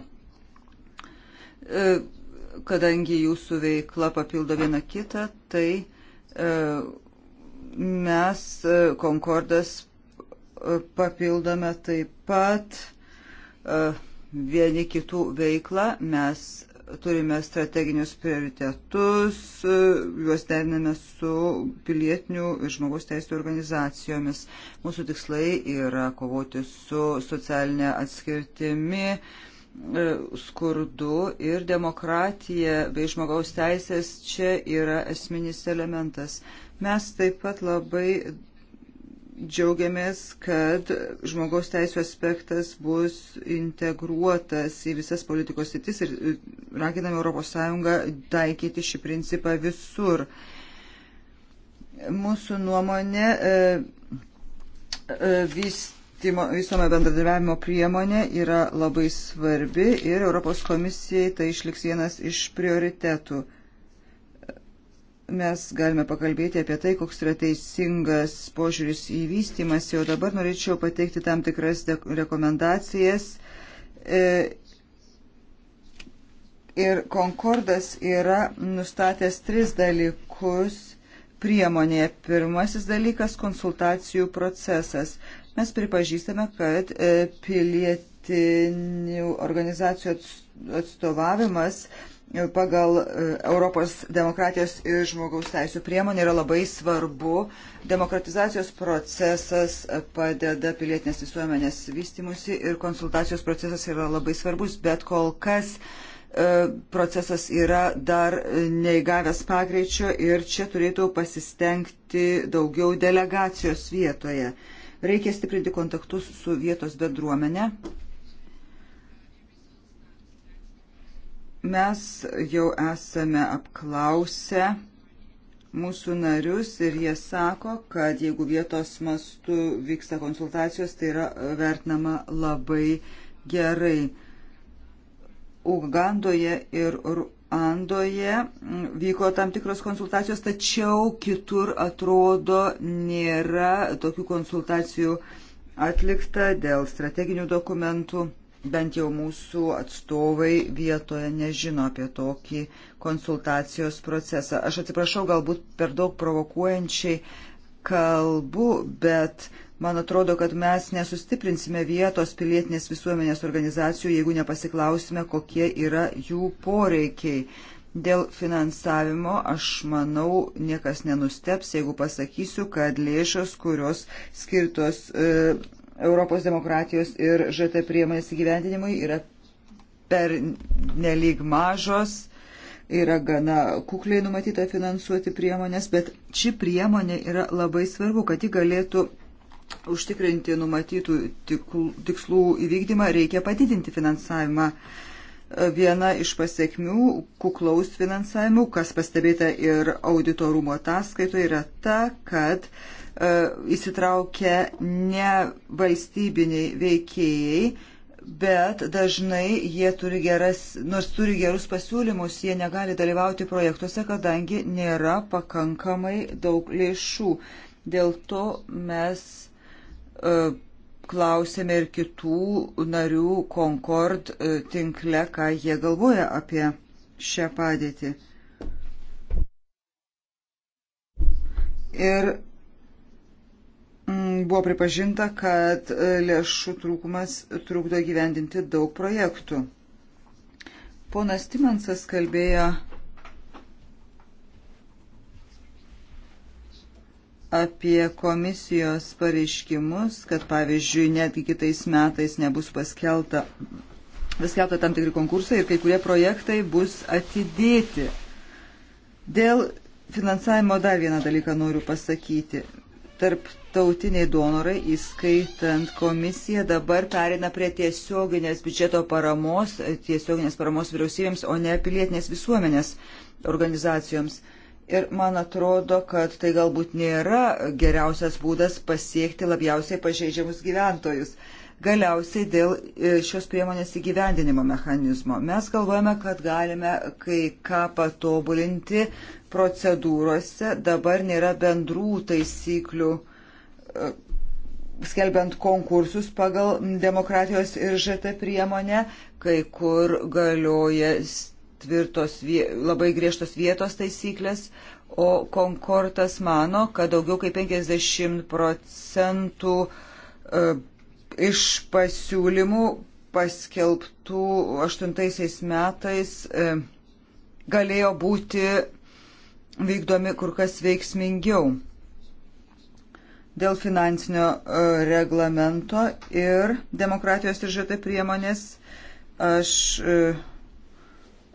Speaker 3: E, kadangi jūsų veikla papildo vieną kitą, tai e, mes Konkordas e, e, papildome taip pat vieni kitų veiklą, mes turime strateginius prioritetus, juos deriname su pilietinių ir žmogaus teisų organizacijomis. Mūsų tikslai yra kovoti su socialinė atskirtimi, E, skurdu ir demokratija bei žmogaus teisės čia yra esminis elementas. Mes taip pat labai džiaugiamės, kad žmogaus teisų aspektas bus integruotas į visas politikos sitis ir raginame ES taikyti šį principą visur. Mūsų nuomonė e, e, vis visuomo bendradarbiavimo priemonė yra labai svarbi ir Europos komisijai tai išliks vienas iš prioritetų. Mes galime pakalbėti apie tai, koks yra teisingas požiūris į vystimas. Jau dabar norėčiau pateikti tam tikras rekomendacijas. E, ir Konkordas yra nustatęs tris dalykus priemonėje. Pirmasis dalykas - konsultacijų procesas. Mes pripažįstame, kad e, pilietinių organizacijų atstovavimas e, pagal e, Europos demokratijos ir žmogaus teisų priemonė yra labai svarbu. Demokratizacijos procesas padeda pilietinės visuomenės vystimusi ir konsultacijos procesas yra labai svarbus, bet kol kas procesas yra dar neįgavęs pagreičio ir čia turėtų pasistengti daugiau delegacijos vietoje. Reikia stiprinti kontaktus su vietos bendruomenė. Mes jau esame apklausę mūsų narius ir jie sako, kad jeigu vietos mastu vyksta konsultacijos, tai yra vertinama labai gerai. Ugandoje ir Andoje vyko tam tikros konsultacijos, tačiau kitur atrodo nėra tokių konsultacijų atlikta dėl strateginių dokumentų. Bent jau mūsų atstovai vietoje nežino apie tokį konsultacijos procesą. Aš atsiprašau, galbūt per daug provokuojančiai kalbu, bet man atrodo, kad mes nesustiprinsime vietos pilietinės visuomenės organizacijų, jeigu nepasiklausime, kokie yra jų poreikiai. Dėl finansavimo aš manau, niekas nenusteps, jeigu pasakysiu, kad lėšos, kurios skirtos e, Europos demokratijos ir ŽT priemonės įgyvendinimui, yra per nelyg mažos yra gana kukliai numatyta finansuoti priemonės, bet ši priemonė yra labai svarbu, kad ji galėtų užtikrinti numatytų tikslų įvykdymą, reikia padidinti finansavimą. Viena iš pasiekmių kuklaus finansavimų, kas pastebėta ir auditorumo ataskaitoje, yra ta, kad e, įsitraukia ne valstybiniai veikėjai, bet dažnai jie turi geras, nors turi gerus pasiūlymus, jie negali dalyvauti projektuose, kadangi nėra pakankamai daug lėšų. Dėl to mes uh, klausėme ir kitų narių Concord e, tinkle, ką jie galvoja apie šią padėtį. Ir Mm, buvo pripažinta, kad e, lėšų trūkumas trukdo gyvendinti daug projektų. Ponas Timensas kalbėjo apie komisijos pareiškimus, kad pavyzdžiui, netgi kitais metais nebus paskelta, paskelta tam tikri konkursai ir kai kurie projektai bus atidėti. Dėl finansavimo dar vieną dalyką noriu pasakyti tarptautiniai donorai, įskaitant komisiją, dabar perina prie tiesioginės biudžeto paramos, tiesioginės paramos vyriausybėms, o ne pilietinės visuomenės organizacijoms. Ir man atrodo, kad tai galbūt nėra geriausias būdas pasiekti labiausiai pažeidžiamus gyventojus. Galiausiai dėl e, šios priemonės įgyvendinimo mechanizmo. Mes galvojame, kad galime kai ką patobulinti, procedūrose dabar nėra bendrų taisyklių e, skelbiant konkursus pagal demokratijos ir ŽT priemonę, kai kur galioja tvirtos, labai griežtos vietos taisyklės, o Konkortas mano, kad daugiau kaip 50 procentų e, iš pasiūlymų paskelbtų 8 metais e, galėjo būti vykdomi kur kas veiksmingiau dėl finansinio e, reglamento ir demokratijos ir žatai priemonės. Aš e,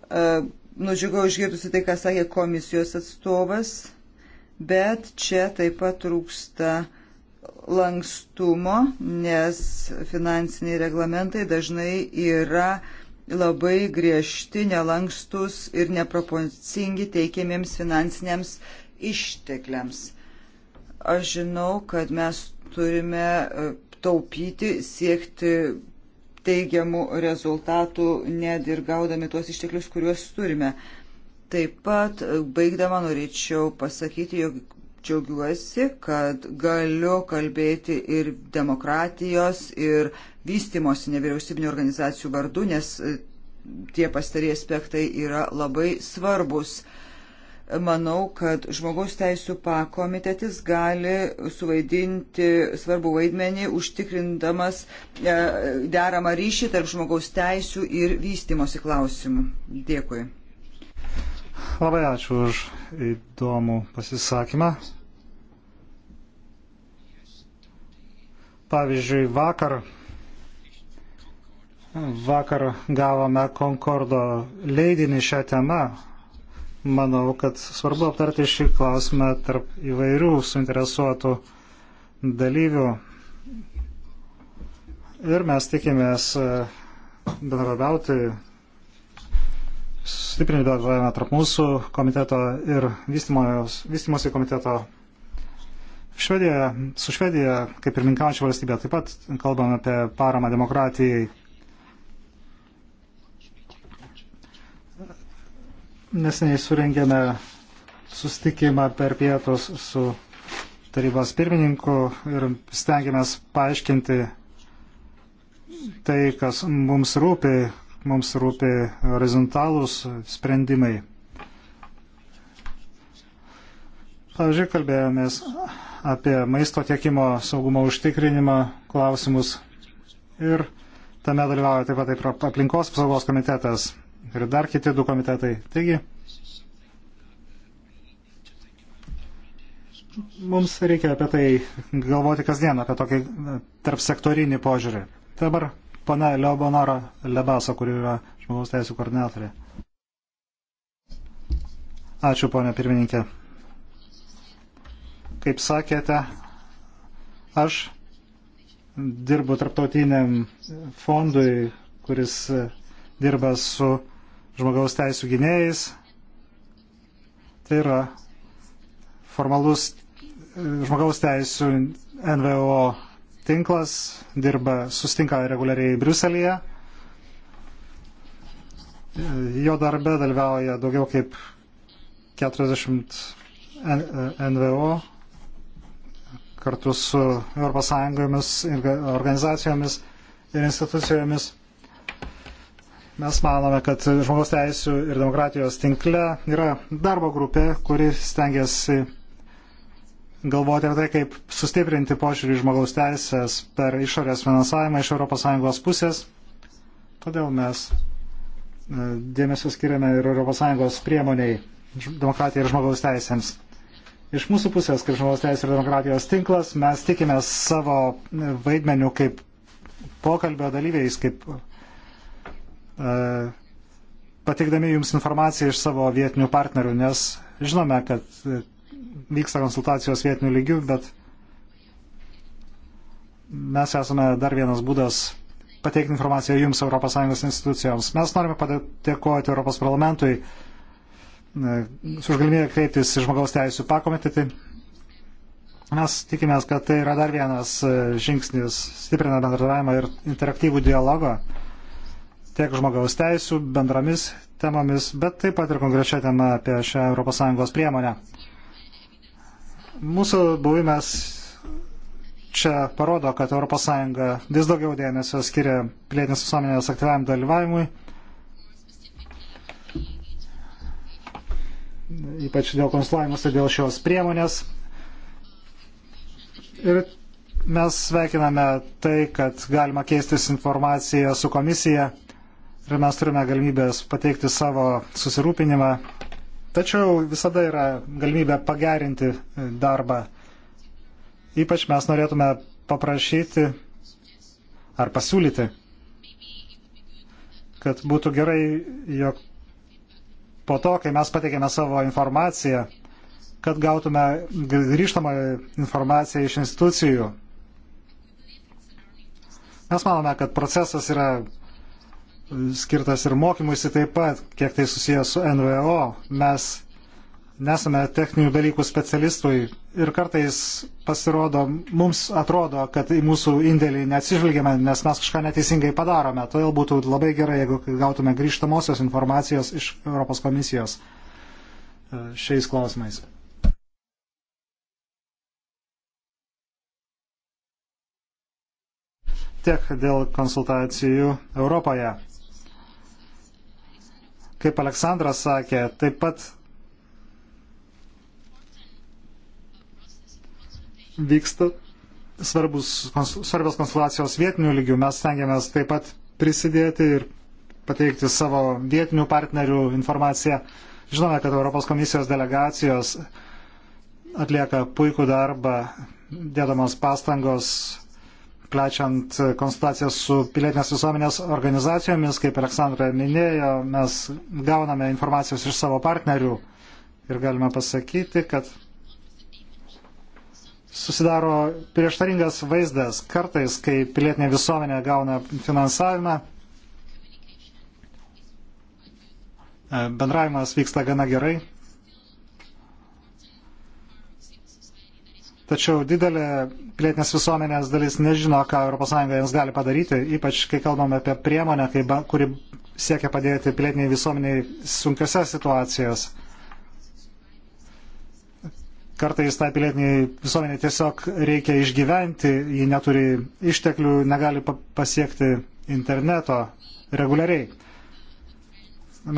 Speaker 3: e, nudžiugau išgirdusi tai, ką sakė komisijos atstovas, bet čia taip pat trūksta lankstumo, nes finansiniai reglamentai dažnai yra uh, labai griežti, nelankstus ir neproporcingi teikiamiems finansiniams ištekliams. Aš žinau, kad mes turime e, taupyti, siekti teigiamų rezultatų, net ir gaudami tuos išteklius, kuriuos turime. Taip pat, baigdama, norėčiau pasakyti, jog džiaugiuosi, kad galiu kalbėti ir demokratijos, ir vystimosi nevyriausybinio organizacijų vardu, nes e, tie pastarė aspektai yra labai svarbus. Manau, kad žmogaus teisų pakomitetis gali suvaidinti svarbu vaidmenį, užtikrindamas e, deramą ryšį tarp žmogaus teisų ir vystimosi klausimų. Dėkui.
Speaker 1: Labai ačiū už įdomų pasisakymą. Pavyzdžiui, vakar, vakar gavome Concordo leidinį šią temą. Manau, kad svarbu aptarti šį klausimą tarp įvairių suinteresuotų dalyvių. Ir mes tikimės e, bendradarbiauti, stiprinti bendradarbiavimą tarp mūsų komiteto ir vystimosi komiteto Švedija, su Švedija, kaip ir minkaujančia valstybė, taip pat kalbam apie paramą demokratijai. Neseniai surengėme sustikimą per pietus su tarybos pirmininku ir stengiamės paaiškinti tai, kas mums rūpi, mums rūpi horizontalūs sprendimai. Pavyzdžiui, kalbėjomės apie maisto tiekimo saugumo užtikrinimo klausimus. Ir tame dalyvauja taip pat taip aplinkos apsaugos komitetas ir dar kiti du komitetai. Taigi, mums reikia apie tai galvoti kasdien, apie tokį tarp sektorinį požiūrį. Dabar pana Leobonora Lebaso, kuri yra žmogaus teisų koordinatorė. Ačiū, ponia pirmininkė. Kaip sakėte, aš dirbu tarptautiniam fondui, kuris dirba su žmogaus teisų gynėjais. Tai yra formalus žmogaus teisų NVO tinklas, dirba, sustinka reguliariai Briuselėje. Jo darbe dalyvauja daugiau kaip 40 NVO kartu su ES organizacijomis ir institucijomis. Mes manome, kad žmogaus teisų ir demokratijos tinkle yra darbo grupė, kuri stengiasi galvoti apie tai, kaip sustiprinti požiūrį žmogaus teisės per išorės finansavimą iš ES pusės. Todėl mes e, dėmesio skiriame ir ES priemoniai demokratijai ir žmogaus teisėms. Iš mūsų pusės, kaip žmogaus teisų ir demokratijos tinklas, mes tikime savo vaidmenių kaip pokalbio dalyviais, kaip uh, pateikdami jums informaciją iš savo vietinių partnerių, nes žinome, kad e, vyksta konsultacijos vietinių lygių, bet mes esame dar vienas būdas pateikti informaciją jums, ES institucijoms. Mes norime padėkoti Europos parlamentui už galimybę kreiptis į žmogaus teisų pakomitetį. Mes tikimės, kad tai yra dar vienas e, žingsnis stiprina bendradavimą ir interaktyvų dialogą tiek žmogaus teisų bendromis temomis, bet taip pat ir konkrečia tema apie šią ES priemonę. Mūsų buvimas čia parodo, kad ES vis daugiau dėmesio skiria pilietinės visuomenės aktyviam dalyvavimui ypač dėl konstelavimus ir dėl šios priemonės. Ir mes sveikiname tai, kad galima keistis informaciją su komisija ir mes turime galimybės pateikti savo susirūpinimą. Tačiau visada yra galimybė pagerinti e, darbą. Ypač mes norėtume paprašyti ar pasiūlyti, kad būtų gerai, jog po to, kai mes pateikėme savo informaciją, kad gautume grįžtamą informaciją iš institucijų. Mes manome, kad procesas yra skirtas ir mokymuisi taip pat, kiek tai susijęs su NVO. Mes nesame techninių dalykų specialistui, ir kartais pasirodo, mums atrodo, kad į mūsų indėlį neatsižvelgiame, nes mes kažką neteisingai padarome. Todėl būtų labai gerai, jeigu gautume grįžtamosios informacijos iš Europos komisijos e, šiais klausimais. Tiek dėl konsultacijų Europoje. Kaip Aleksandras sakė, taip pat vyksta svarbus, svarbios konsultacijos vietinių lygių. Mes stengiamės taip pat prisidėti ir pateikti savo vietinių partnerių informaciją. Žinome, kad Europos komisijos delegacijos atlieka puikų darbą, dėdamos pastangos, plečiant konsultacijas su pilietinės visuomenės organizacijomis. Kaip Aleksandra minėjo, mes gauname informacijos iš savo partnerių ir galime pasakyti, kad susidaro prieštaringas vaizdas kartais, kai pilietinė visuomenė gauna finansavimą. E, bendravimas vyksta gana gerai. Tačiau didelė pilietinės visuomenės dalis nežino, ką ES jiems gali padaryti, ypač kai kalbame apie priemonę, kuri siekia padėti pilietiniai visuomeniai sunkiose situacijose Kartais tai pilietiniai visuomenė tiesiog reikia išgyventi, ji neturi išteklių, negali pasiekti interneto reguliariai.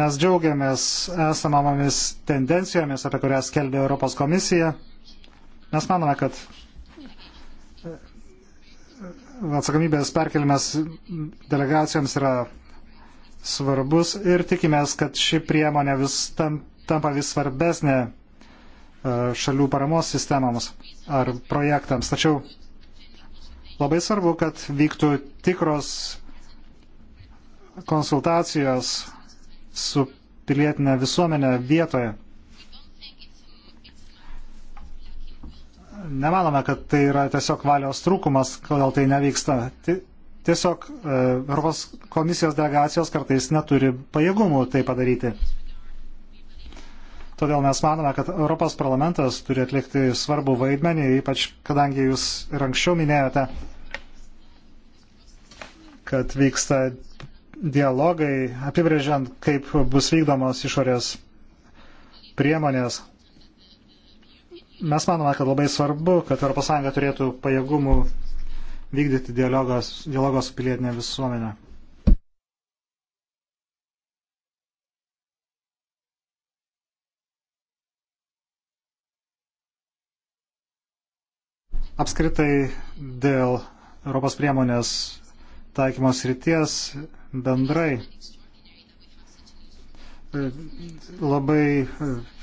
Speaker 1: Mes džiaugiamės esamomis tendencijomis, apie kurias skelbė Europos komisija. Mes manome, kad e, atsakomybės perkelimas delegacijoms yra svarbus ir tikimės, kad ši priemonė vis tam, tampa vis svarbesnė E, šalių paramos sistemams ar projektams. Tačiau labai svarbu, kad vyktų tikros konsultacijos su pilietinė visuomenė vietoje. Nemanome, kad tai yra tiesiog valios trūkumas, kodėl tai nevyksta. Tiesiog e, Europos komisijos delegacijos kartais neturi pajėgumų tai padaryti. Todėl mes manome, kad Europos parlamentas turi atlikti svarbų vaidmenį, ypač kadangi jūs ir anksčiau minėjote, kad vyksta dialogai apibrėžiant, kaip bus vykdomos išorės priemonės. Mes manome, kad labai svarbu, kad ES turėtų pajėgumų vykdyti dialogos, dialogos su pilietinė visuomenė. Apskritai dėl Europos priemonės taikymos ryties bendrai e, labai e,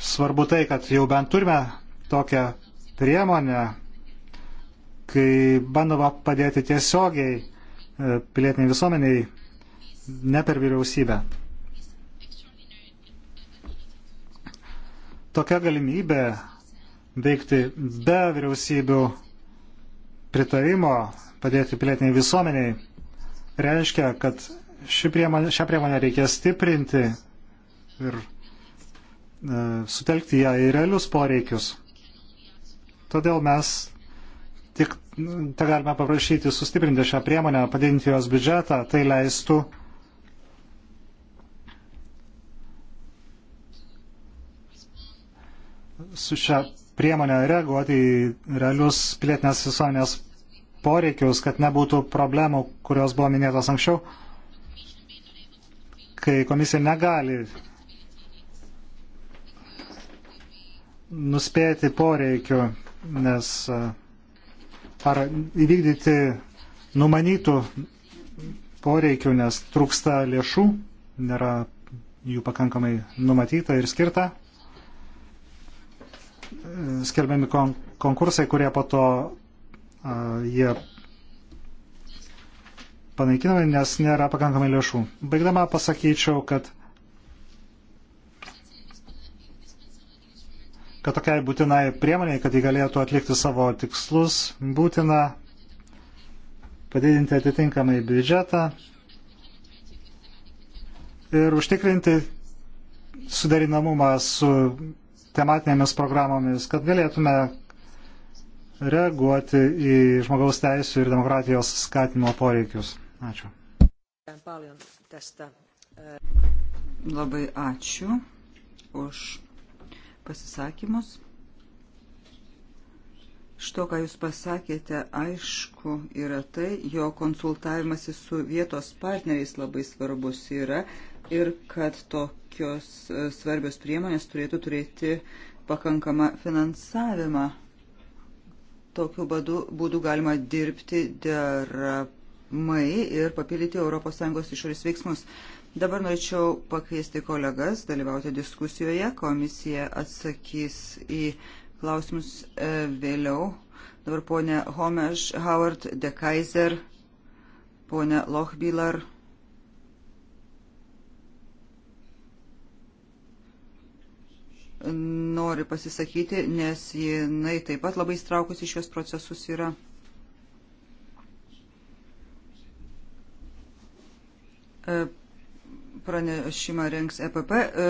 Speaker 1: svarbu tai, kad jau bent turime tokią priemonę, kai bandoma padėti tiesiogiai e, pilietiniai visuomeniai, ne per vyriausybę. Tokia galimybė veikti be vyriausybių pritarimo padėti pilietiniai visuomeniai reiškia, kad priemonė, šią priemonę reikės stiprinti ir e, sutelkti ją į realius poreikius. Todėl mes tik te galime paprašyti sustiprinti šią priemonę, padidinti jos biudžetą, tai leistų su šia priemonę reaguoti į realius pilietinės visuomenės poreikius, kad nebūtų problemų, kurios buvo minėtos anksčiau, kai komisija negali nuspėti poreikių, nes e, ar įvykdyti numanytų poreikių, nes trūksta lėšų, nėra jų pakankamai numatyta ir skirta skelbiami kon konkursai, kurie po to uh, jie panaikinami, nes nėra pakankamai lėšų. Baigdama pasakyčiau, kad kad tokiai būtinai priemoniai, kad jį galėtų atlikti savo tikslus, būtina padidinti atitinkamai biudžetą ir užtikrinti suderinamumą su tematinėmis programomis, kad galėtume reaguoti į žmogaus teisų ir demokratijos skatinimo poreikius. Ačiū.
Speaker 3: Labai ačiū už pasisakymus. Što, ką Jūs pasakėte, aišku, yra tai, jo konsultavimasis su vietos partneriais labai svarbus yra ir kad tokios e, svarbios priemonės turėtų turėti pakankamą finansavimą. Tokiu būdu, būdu galima dirbti deramai ir papildyti ES išorės veiksmus. Dabar norėčiau pakviesti kolegas dalyvauti diskusijoje. Komisija atsakys į klausimus e, vėliau. Dabar ponė Homeš, Howard, De Kaiser, ponė Lochbilar. nori pasisakyti, nes jinai taip pat labai straukus į šios procesus yra. E, pranešimą rengs EPP, e,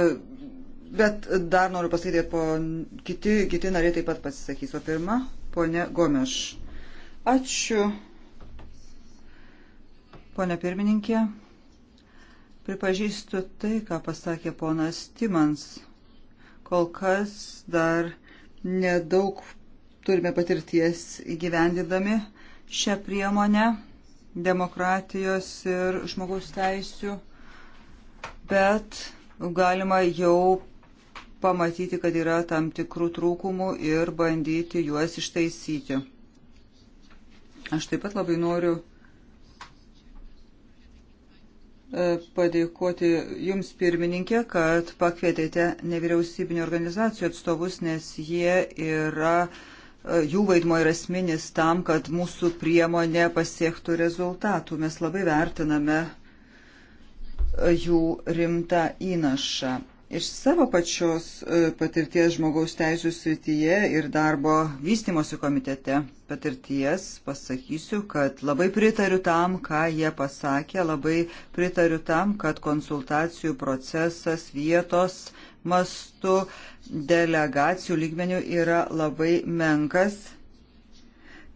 Speaker 3: bet dar noriu pasakyti, po kiti, kiti nariai taip pat pasisakys. O pirma, ponė Gomeš. Ačiū, ponė pirmininkė. Pripažįstu tai, ką pasakė ponas Timans kol kas dar nedaug turime patirties įgyvendydami šią priemonę demokratijos ir žmogaus teisių, bet galima jau pamatyti, kad yra tam tikrų trūkumų ir bandyti juos ištaisyti. Aš taip pat labai noriu E, padėkoti Jums, pirmininkė, kad pakvietėte nevyriausybinio organizacijų atstovus, nes jie yra, e, jų vaidmo yra esminis tam, kad mūsų priemonė pasiektų rezultatų. Mes labai vertiname e, jų rimtą įnašą. Iš savo pačios e, patirties žmogaus teisų srityje ir darbo vystimosi komitete patirties pasakysiu, kad labai pritariu tam, ką jie pasakė, labai pritariu tam, kad konsultacijų procesas vietos mastu delegacijų lygmenių yra labai menkas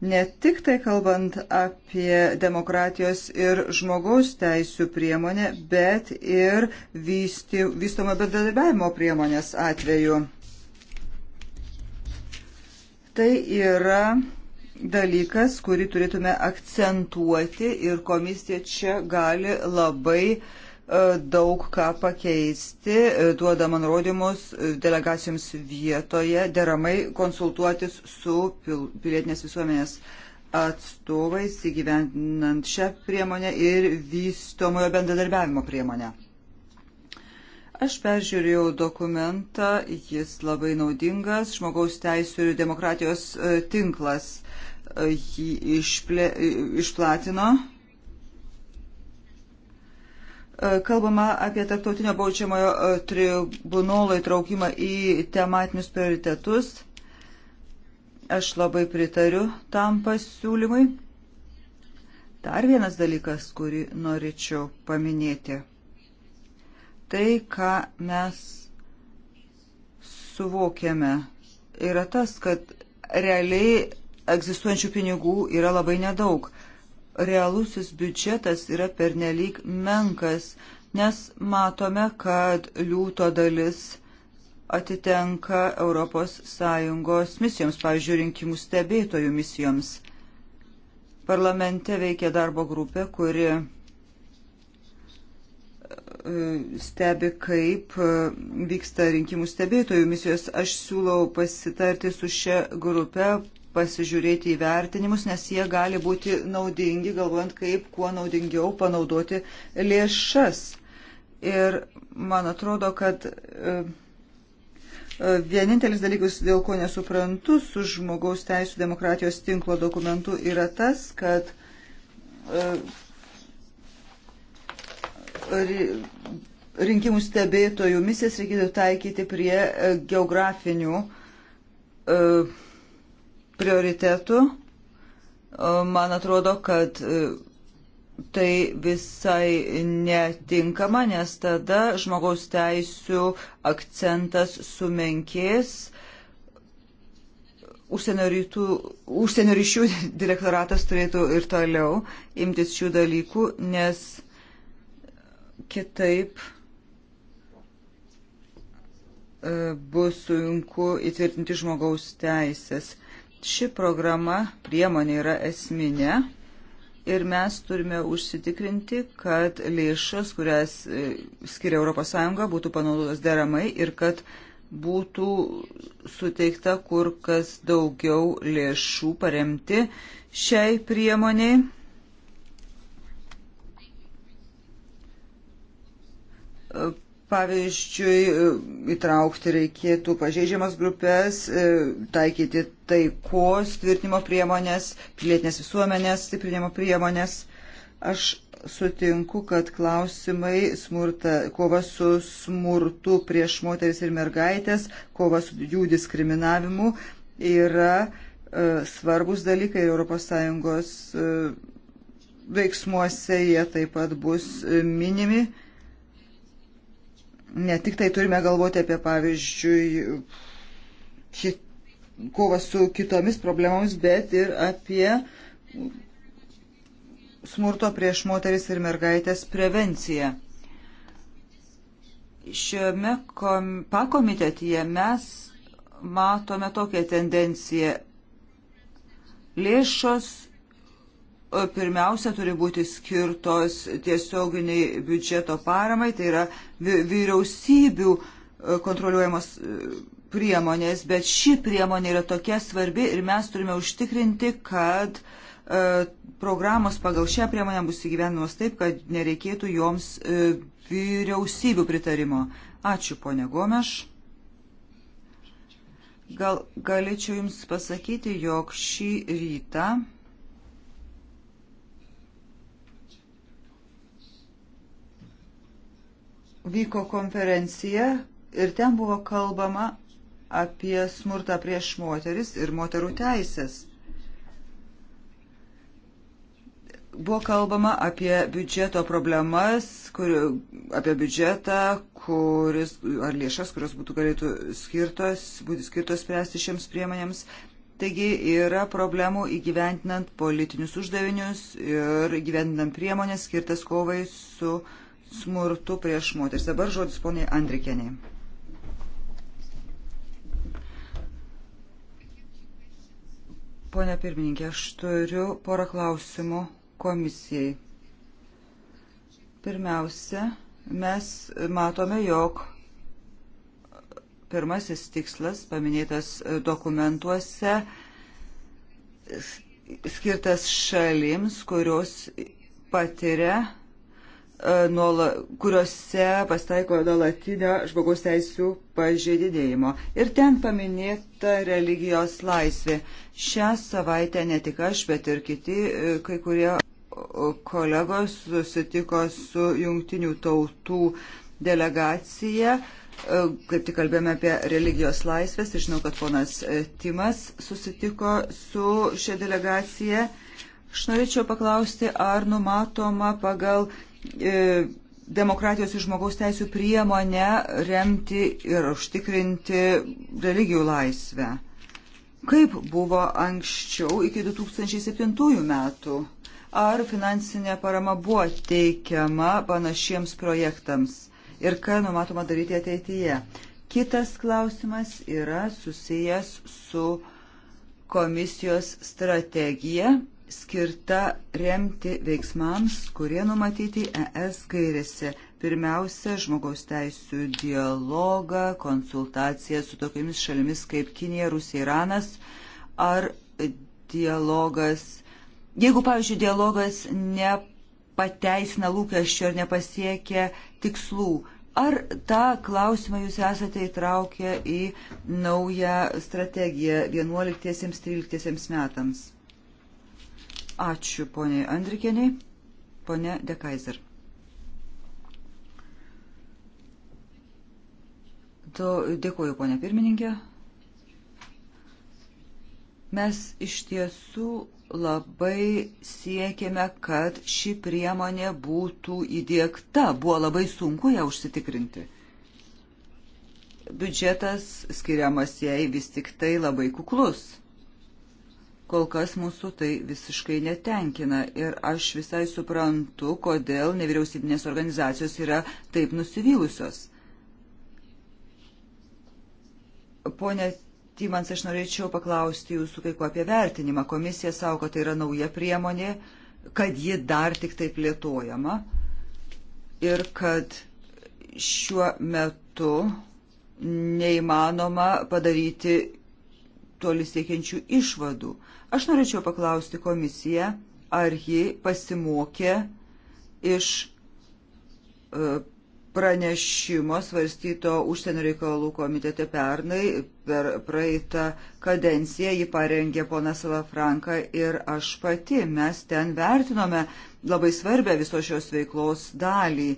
Speaker 3: ne tik tai kalbant apie demokratijos ir žmogaus teisų priemonę, bet ir vysti, vystomo bedarbiavimo priemonės atveju. Tai yra dalykas, kurį turėtume akcentuoti ir komisija čia gali labai uh, daug ką pakeisti, duodama nurodymus delegacijoms vietoje, deramai konsultuotis su pilietinės visuomenės atstovais įgyvendinant šią priemonę ir vystomojo bendradarbiavimo priemonę. Aš peržiūrėjau dokumentą, jis labai naudingas, žmogaus teisų ir demokratijos e, tinklas e, jį išplė, išplatino E, kalbama apie tarptautinio baudžiamojo e, tribunolo įtraukimą į tematinius prioritetus. Aš labai pritariu tam pasiūlymui. Dar vienas dalykas, kurį norėčiau paminėti. Tai, ką mes suvokiame, yra tas, kad realiai egzistuojančių pinigų yra labai nedaug realusis biudžetas yra pernelyg menkas, nes matome, kad liūto dalis atitenka ES misijoms, pavyzdžiui, rinkimų stebėtojų misijoms. Parlamente veikia darbo grupė, kuri e, stebi, kaip e, vyksta rinkimų stebėtojų misijos. Aš siūlau pasitarti su šia grupė, pasižiūrėti į vertinimus, nes jie gali būti naudingi, galvojant, kaip kuo naudingiau panaudoti lėšas. Ir man atrodo, kad e, e, vienintelis dalykas, dėl ko nesuprantu su žmogaus teisų demokratijos tinklo dokumentu, yra tas, kad e, rinkimų stebėtojų misijas reikėtų taikyti prie geografinių uh, prioritetų. Man atrodo, kad e, tai visai netinkama, nes tada žmogaus teisų akcentas sumenkės. Užsienio, rytų, užsienio ryšių direktoratas turėtų ir toliau imtis šių dalykų, nes kitaip e, bus sunku įtvirtinti žmogaus teisės. Ši programa priemonė yra esminė ir mes turime užsitikrinti, kad lėšos, kurias e, skiria ES, būtų panaudotos deramai ir kad būtų suteikta kur kas daugiau lėšų paremti šiai priemoniai. Pavyzdžiui, įtraukti reikėtų pažeidžiamas grupės, e, taikyti taikos tvirtinimo priemonės, pilietinės visuomenės stiprinimo priemonės. Aš sutinku, kad klausimai smurta, kova su smurtu prieš moteris ir mergaitės, kova su jų diskriminavimu yra e, svarbus dalykai ES e, veiksmuose, jie taip pat bus minimi. E, ne tik tai turime galvoti apie, pavyzdžiui, kovą su kitomis problemomis, bet ir apie smurto prieš moteris ir mergaitės prevenciją. Šiame kom... pakomitetyje mes matome tokią tendenciją. Lėšos E, pirmiausia turi būti skirtos tiesioginiai biudžeto paramai, tai yra vyriausybių e, kontroliuojamos e, priemonės, bet ši priemonė yra tokia svarbi ir mes turime užtikrinti, kad programos pagal šią priemonę bus įgyvenimas taip, kad nereikėtų joms vyriausybių pritarimo. Ačiū, ponė Gomeš. Gal galėčiau Jums pasakyti, jog šį rytą vyko konferencija ir ten buvo kalbama apie smurtą prieš moteris ir moterų teisės. Buvo kalbama apie biudžeto problemas, kur, apie biudžetą, kuris, ar lėšas, kurios būtų galėtų skirtos, būtų skirtos spręsti šiems priemonėms. Taigi yra problemų įgyventinant politinius uždavinius ir įgyventinant priemonės skirtas kovai su uh, smurtu prieš moteris. Dabar žodis poniai Andrikeniai. Pone pirmininkė, aš turiu porą klausimų komisijai. Pirmiausia, mes matome, jog pirmasis tikslas paminėtas dokumentuose skirtas šalims, kurios patiria E, nuola, kuriuose pastaiko nuolatinio žmogaus teisų pažeidinėjimo. Ir ten paminėta religijos laisvė. Šią savaitę ne tik aš, bet ir kiti e, kai kurie kolegos susitiko su jungtinių tautų delegacija. E, kaip tik kalbėjome apie religijos laisvės ir žinau, kad ponas Timas susitiko su šia delegacija. Aš norėčiau paklausti, ar numatoma pagal E, demokratijos ir žmogaus teisų priemonę remti ir užtikrinti religijų laisvę. Kaip buvo anksčiau iki 2007 metų? Ar finansinė parama buvo teikiama panašiems projektams? Ir ką numatoma daryti ateityje? Kitas klausimas yra susijęs su komisijos strategija skirta remti veiksmams, kurie numatyti ES gairėse. Pirmiausia, žmogaus teisų dialogą, konsultaciją su tokiamis šalimis kaip Kinija, Rusija, Iranas ar dialogas. Jeigu, pavyzdžiui, dialogas nepateisina lūkesčio ir nepasiekia tikslų, Ar tą klausimą jūs esate įtraukę į naują strategiją 11-13 metams? Ačiū poniai Andrikieniai, ponė Dekaiser. Dėkuoju, ponė pirmininkė. Mes iš tiesų labai siekėme, kad ši priemonė būtų įdėkta. Buvo labai sunku ją užsitikrinti. Biudžetas skiriamas jai vis tik tai labai kuklus kol kas mūsų tai visiškai netenkina. Ir aš visai suprantu, kodėl nevyriausybinės organizacijos yra taip nusivylusios. Pone Tymans, aš norėčiau paklausti jūsų kai ko apie vertinimą. Komisija savo, kad tai yra nauja priemonė, kad ji dar tik taip plėtojama ir kad šiuo metu neįmanoma padaryti toli siekiančių išvadų. Uh, Aš norėčiau paklausti komisiją, ar ji pasimokė iš e, pranešimo svarstyto užsienio reikalų komitete pernai, per praeitą kadenciją jį parengė ponas Lafranka ir aš pati. Mes ten vertinome labai svarbę visos šios veiklos dalį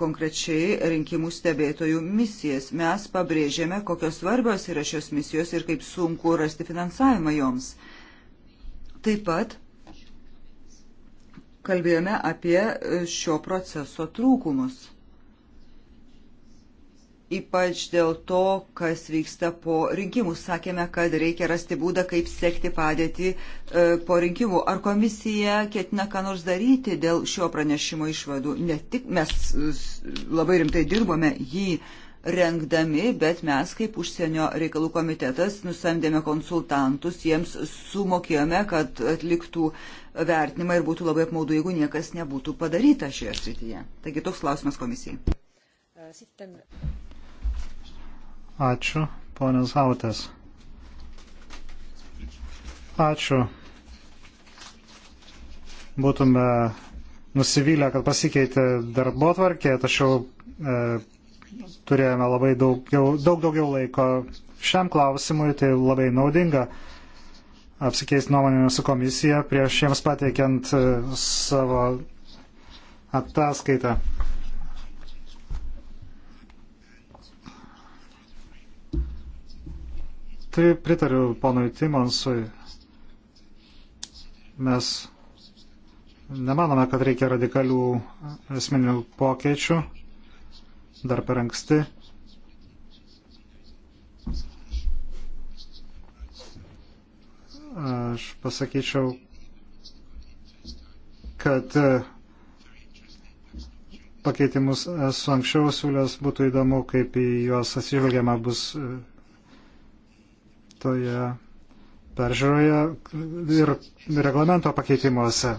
Speaker 3: konkrečiai rinkimų stebėtojų misijas. Mes pabrėžėme, kokios svarbios yra šios misijos ir kaip sunku rasti finansavimą joms. Taip pat kalbėjome apie šio proceso trūkumus ypač dėl to, kas vyksta po rinkimų. Sakėme, kad reikia rasti būdą, kaip sekti padėtį e, po rinkimų. Ar komisija ketina ką nors daryti dėl šio pranešimo išvadų? Ne tik mes labai rimtai dirbome jį rengdami, bet mes kaip užsienio reikalų komitetas nusamdėme konsultantus, jiems sumokėjome, kad atliktų vertinimą ir būtų labai apmaudu, jeigu niekas nebūtų padaryta šioje srityje. Taigi toks klausimas komisijai. Sitten
Speaker 1: Ačiū, ponas Hautės. Ačiū. Būtume nusivylę, kad pasikeitė darbo tvarkė, tačiau e, turėjome labai daugiau, daug daugiau laiko šiam klausimui, tai labai naudinga apsikeisti nuomonėmis su komisija prieš jiems pateikiant e, savo ataskaitą. Tai pritariu ponui Timonsui. Mes nemanome, kad reikia radikalių esminių pokyčių. Dar per anksti. Aš pasakyčiau, kad pakeitimus esu anksčiau siūlęs, būtų įdomu, kaip į juos atsižvelgiama bus toje peržiūroje ir reglamento pakeitimuose.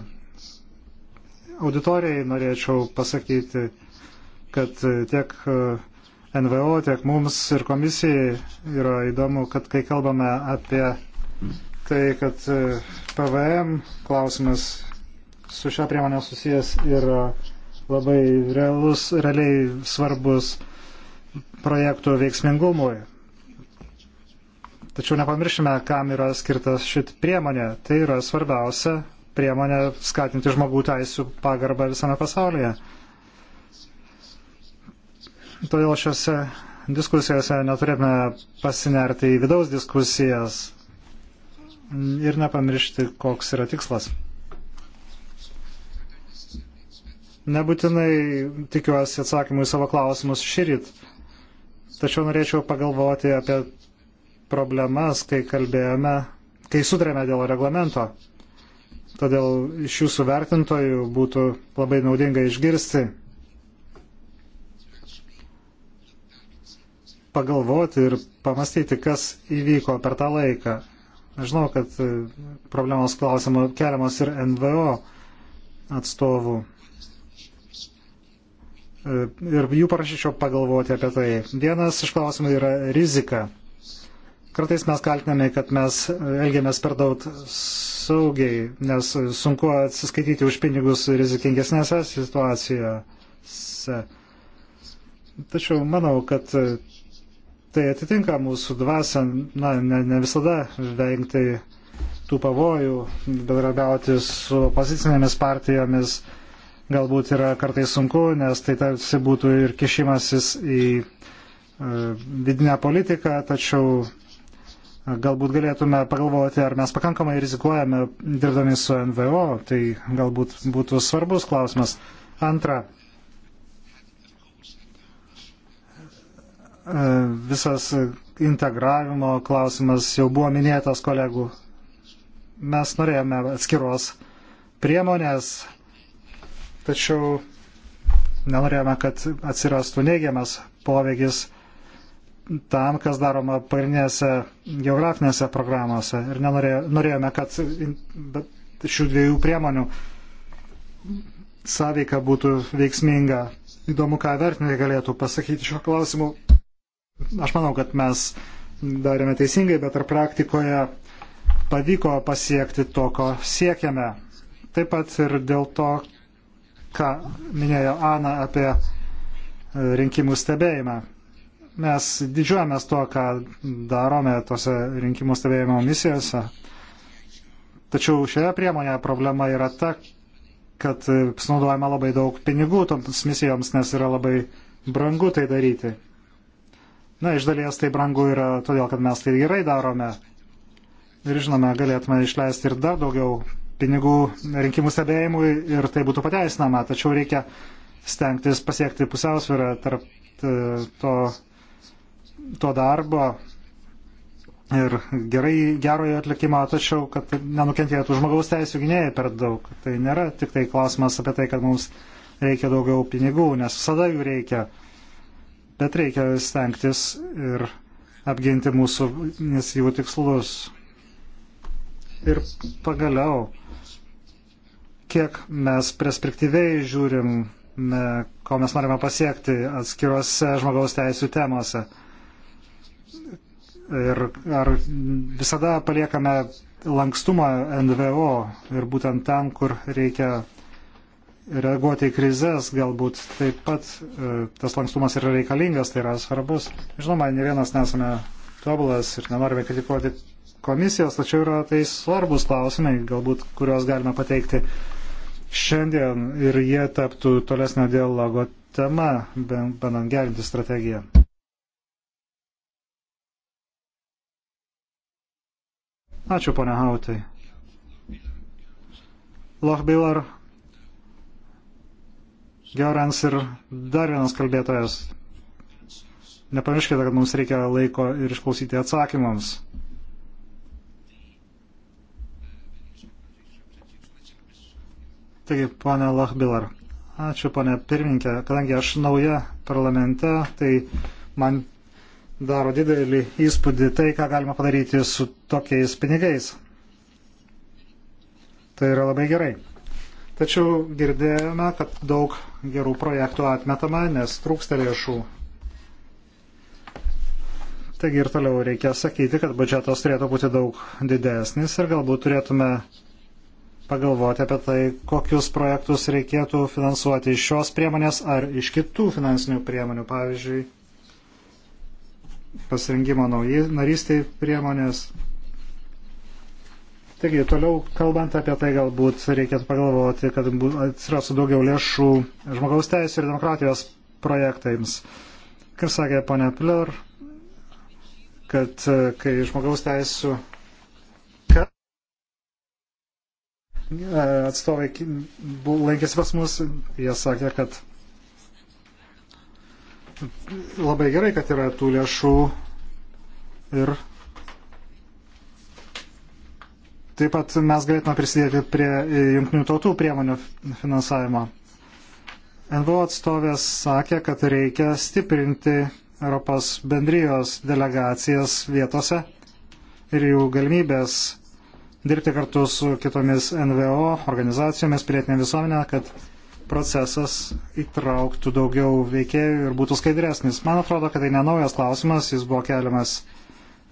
Speaker 1: Auditorijai norėčiau pasakyti, kad tiek NVO, tiek mums ir komisijai yra įdomu, kad kai kalbame apie tai, kad PVM klausimas su šią priemonę susijęs yra labai realus, realiai svarbus projektų veiksmingumui. Tačiau nepamiršime, kam yra skirtas šit priemonė. Tai yra svarbiausia priemonė skatinti žmogų teisų pagarbą visame pasaulyje. Todėl šiuose diskusijose neturėtume pasinerti į vidaus diskusijas ir nepamiršti, koks yra tikslas. Nebūtinai tikiuosi atsakymų į savo klausimus šyrit, tačiau norėčiau pagalvoti apie problemas, kai kalbėjome, kai sutarėme dėl reglamento. Todėl iš jūsų vertintojų būtų labai naudinga išgirsti, pagalvoti ir pamastyti, kas įvyko per tą laiką. Žinau, kad e, problemos klausimo keliamos ir NVO atstovų. E, ir jų parašyčiau pagalvoti apie tai. Vienas iš klausimų yra rizika. Kartais mes kaltiname, kad mes e, elgiamės per daug saugiai, nes sunku atsiskaityti už pinigus rizikingesnėse situacijose. Tačiau manau, kad e, tai atitinka mūsų dvasę, na, ne, ne visada vengti tų pavojų, bendrabiauti su opozicinėmis partijomis galbūt yra kartais sunku, nes tai tarsi būtų ir kišimasis į e, vidinę politiką, tačiau Galbūt galėtume pagalvoti, ar mes pakankamai rizikuojame dirbdami su NVO, tai galbūt būtų svarbus klausimas. Antra, e, visas integravimo klausimas jau buvo minėtas kolegų. Mes norėjome atskiros priemonės, tačiau nenorėjome, kad atsirastų neigiamas poveikis tam, kas daroma pagrindinėse geografinėse programuose. Ir norėjome, kad šių dviejų priemonių sąveika būtų veiksminga. Įdomu, ką vertinai galėtų pasakyti šiuo klausimu. Aš manau, kad mes darėme teisingai, bet ar praktikoje pavyko pasiekti to, ko siekiame. Taip pat ir dėl to, ką minėjo Ana apie rinkimų stebėjimą mes didžiuojamės tuo, ką darome tose rinkimų stebėjimo misijose. Tačiau šioje priemonėje problema yra ta, kad sunaudojama labai daug pinigų toms misijoms, nes yra labai brangu tai daryti. Na, iš dalies tai brangu yra todėl, kad mes tai gerai darome. Ir žinome, galėtume išleisti ir dar daugiau pinigų rinkimų stebėjimui ir tai būtų pateisinama, tačiau reikia stengtis pasiekti pusiausvyrą tarp e, to to darbo ir gerai, gerojo atlikimo, tačiau, kad tai nenukentėtų žmogaus teisų gynėjai per daug. Tai nėra tik tai klausimas apie tai, kad mums reikia daugiau pinigų, nes visada jų reikia, bet reikia stengtis ir apginti mūsų jų tikslus. Ir pagaliau, kiek mes perspektyviai žiūrim, ko mes norime pasiekti atskiruose žmogaus teisų temose ir ar visada paliekame lankstumą NVO ir būtent ten, kur reikia reaguoti į krizės, galbūt taip pat e, tas lankstumas yra reikalingas, tai yra svarbus. Žinoma, ne vienas nesame tobulas ir nenorime kritikuoti komisijos, tačiau yra tai svarbus klausimai, galbūt kuriuos galime pateikti šiandien ir jie taptų tolesnio dialogo tema, bandant gerinti strategiją. Ačiū, ponia Hautai. Lochbiller, Gerans ir dar vienas kalbėtojas. Nepamirškite, kad mums reikia laiko ir išklausyti atsakymams. Taigi, ponia Lochbiller, ačiū, ponia pirmininkė, kadangi aš nauja parlamente, tai man daro didelį įspūdį tai, ką galima padaryti su tokiais pinigais. Tai yra labai gerai. Tačiau girdėjome, kad daug gerų projektų atmetama, nes trūksta lėšų. Taigi ir toliau reikia sakyti, kad biudžetas turėtų būti daug didesnis ir galbūt turėtume pagalvoti apie tai, kokius projektus reikėtų finansuoti iš šios priemonės ar iš kitų finansinių priemonių, pavyzdžiui, pasirengimo naujai narystiai priemonės. Taigi, toliau kalbant apie tai, galbūt reikėtų pagalvoti, kad atsirastų daugiau lėšų žmogaus teisų ir demokratijos projektams. Kaip sakė ponia Piller, kad e, kai žmogaus teisų e, atstovai lankėsi pas mus, jie sakė, kad labai gerai, kad yra tų lėšų ir taip pat mes galėtume prisidėti prie jungtinių tautų priemonių finansavimo. NVO atstovės sakė, kad reikia stiprinti Europos bendrijos delegacijas vietose ir jų galimybės dirbti kartu su kitomis NVO organizacijomis, pilietinė visuomenė, kad procesas įtrauktų daugiau veikėjų ir būtų skaidresnis. Man atrodo, kad tai nenaujas klausimas, jis buvo keliamas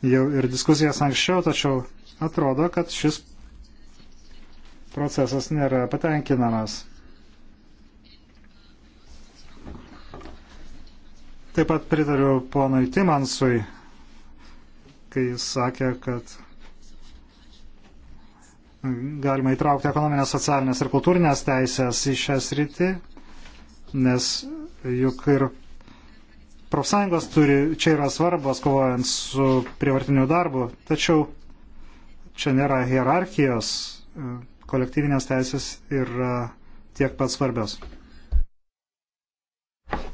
Speaker 1: jau ir diskusijas anksčiau, tačiau atrodo, kad šis procesas nėra patenkinamas. Taip pat pritariu ponui Timansui, kai jis sakė, kad galima įtraukti ekonominės, socialinės ir kultūrinės teisės į šią sritį, nes juk ir profsąjungos turi, čia yra svarbos kovojant su prievartiniu darbu, tačiau čia nėra hierarchijos, kolektyvinės teisės yra tiek pat svarbios.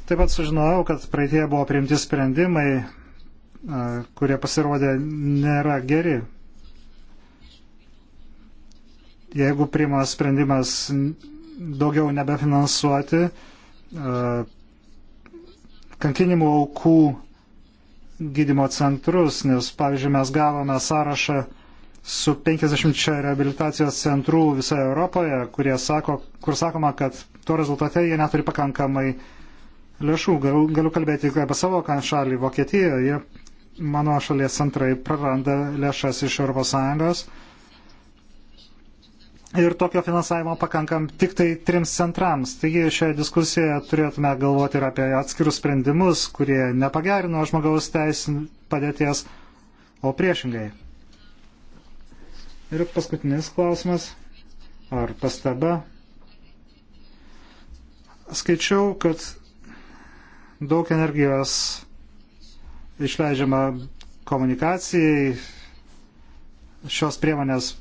Speaker 1: Taip pat sužinojau, kad praeitie buvo priimti sprendimai, kurie pasirodė nėra geri jeigu priimas sprendimas daugiau nebefinansuoti e, kankinimų aukų gydimo centrus, nes, pavyzdžiui, mes gavome sąrašą su 50 rehabilitacijos centrų visoje Europoje, kurie sako, kur sakoma, kad to rezultate jie neturi pakankamai lėšų. Galiu, galiu kalbėti apie savo šalį, Vokietiją. Jie, mano šalies centrai, praranda lėšas iš ES ir tokio finansavimo pakankam tik tai trims centrams. Taigi šioje diskusijoje turėtume galvoti ir apie atskirus sprendimus, kurie nepagerino žmogaus teisų padėties, o priešingai. Ir paskutinis klausimas ar pastaba. Skaičiau, kad daug energijos išleidžiama komunikacijai, šios priemonės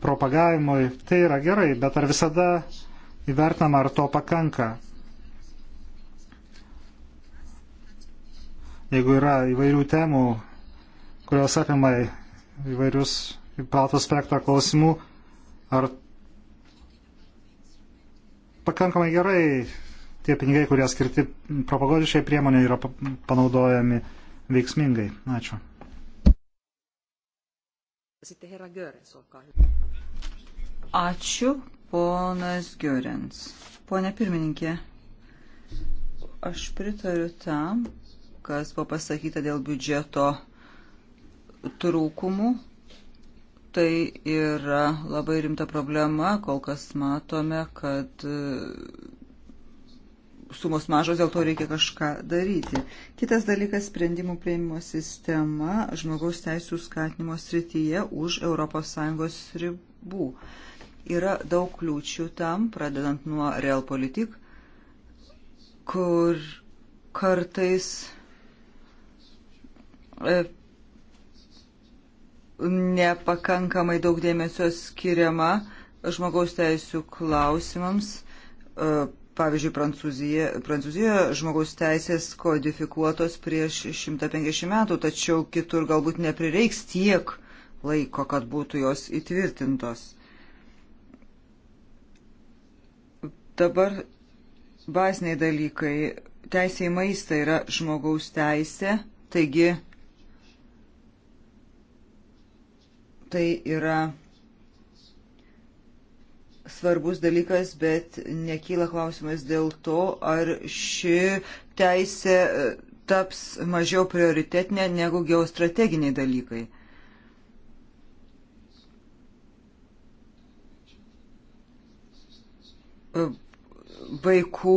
Speaker 1: propagavimui, tai yra gerai, bet ar visada įvertinama, ar to pakanka? Jeigu yra įvairių temų, kurios apima įvairius platų spektrą klausimų, ar pakankamai gerai tie pinigai, kurie skirti propagodišiai priemonė, yra panaudojami veiksmingai. Ačiū.
Speaker 2: Sitten herra Görens, olkaa hyvä.
Speaker 3: Ačiū, ponas Giorens. Pone pirmininkė, aš pritariu tam, kas buvo pasakyta dėl biudžeto trūkumų. Tai yra labai rimta problema, kol kas matome, kad e, sumos mažos, dėl to reikia kažką daryti. Kitas dalykas - sprendimų prieimimo sistema žmogaus teisų skatinimo srityje už ES ribų. Yra daug kliūčių tam, pradedant nuo realpolitik, kur kartais e, nepakankamai daug dėmesio skiriama žmogaus teisų klausimams. E, pavyzdžiui, Prancūzija, Prancūzijoje žmogaus teisės kodifikuotos prieš 150 metų, tačiau kitur galbūt neprireiks tiek laiko, kad būtų jos įtvirtintos. Dabar baziniai dalykai. Teisė į maistą yra žmogaus teisė, taigi tai yra svarbus dalykas, bet nekyla klausimas dėl to, ar ši teisė taps mažiau prioritetinė negu geostrateginiai dalykai. vaikų,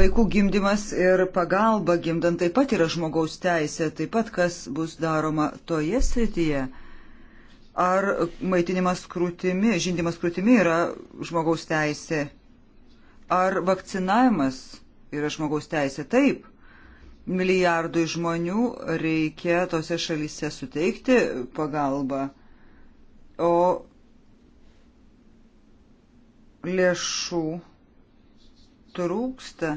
Speaker 3: vaikų gimdymas ir pagalba gimdant taip pat yra žmogaus teisė, taip pat kas bus daroma toje srityje. Ar maitinimas krūtimi, žindimas krūtimi yra žmogaus teisė? Ar vakcinavimas yra žmogaus teisė? Taip milijardui žmonių reikia tose šalyse suteikti pagalbą o lėšų trūksta.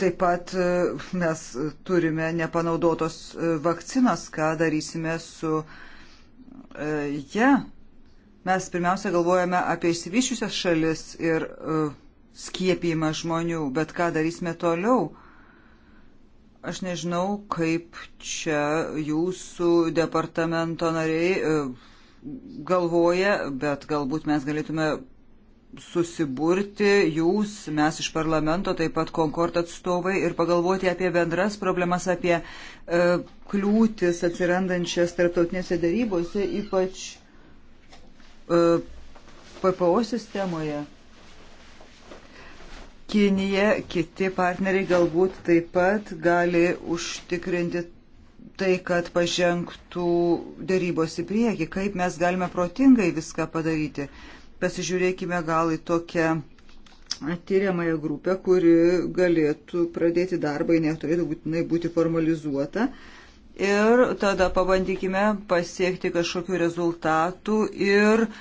Speaker 3: Taip pat e, mes turime nepanaudotos e, vakcinos, ką darysime su e, ja. Mes pirmiausia galvojame apie išsivyščiusias šalis ir skiepijimą žmonių, bet ką darysime toliau? Aš nežinau, kaip čia jūsų departamento nariai galvoja, bet galbūt mes galėtume susiburti jūs, mes iš parlamento, taip pat Konkord atstovai ir pagalvoti apie bendras problemas, apie e, kliūtis atsirandančias tarptautinėse darybose, ypač e, PPO sistemoje. Kinija, kiti partneriai galbūt taip pat gali užtikrinti tai, kad pažengtų dėrybos į priekį, kaip mes galime protingai viską padaryti. Pasižiūrėkime gal į tokią tyriamąją grupę, kuri galėtų pradėti darbą, neturėtų būtinai būti formalizuota. Ir tada pabandykime pasiekti kažkokių rezultatų ir uh,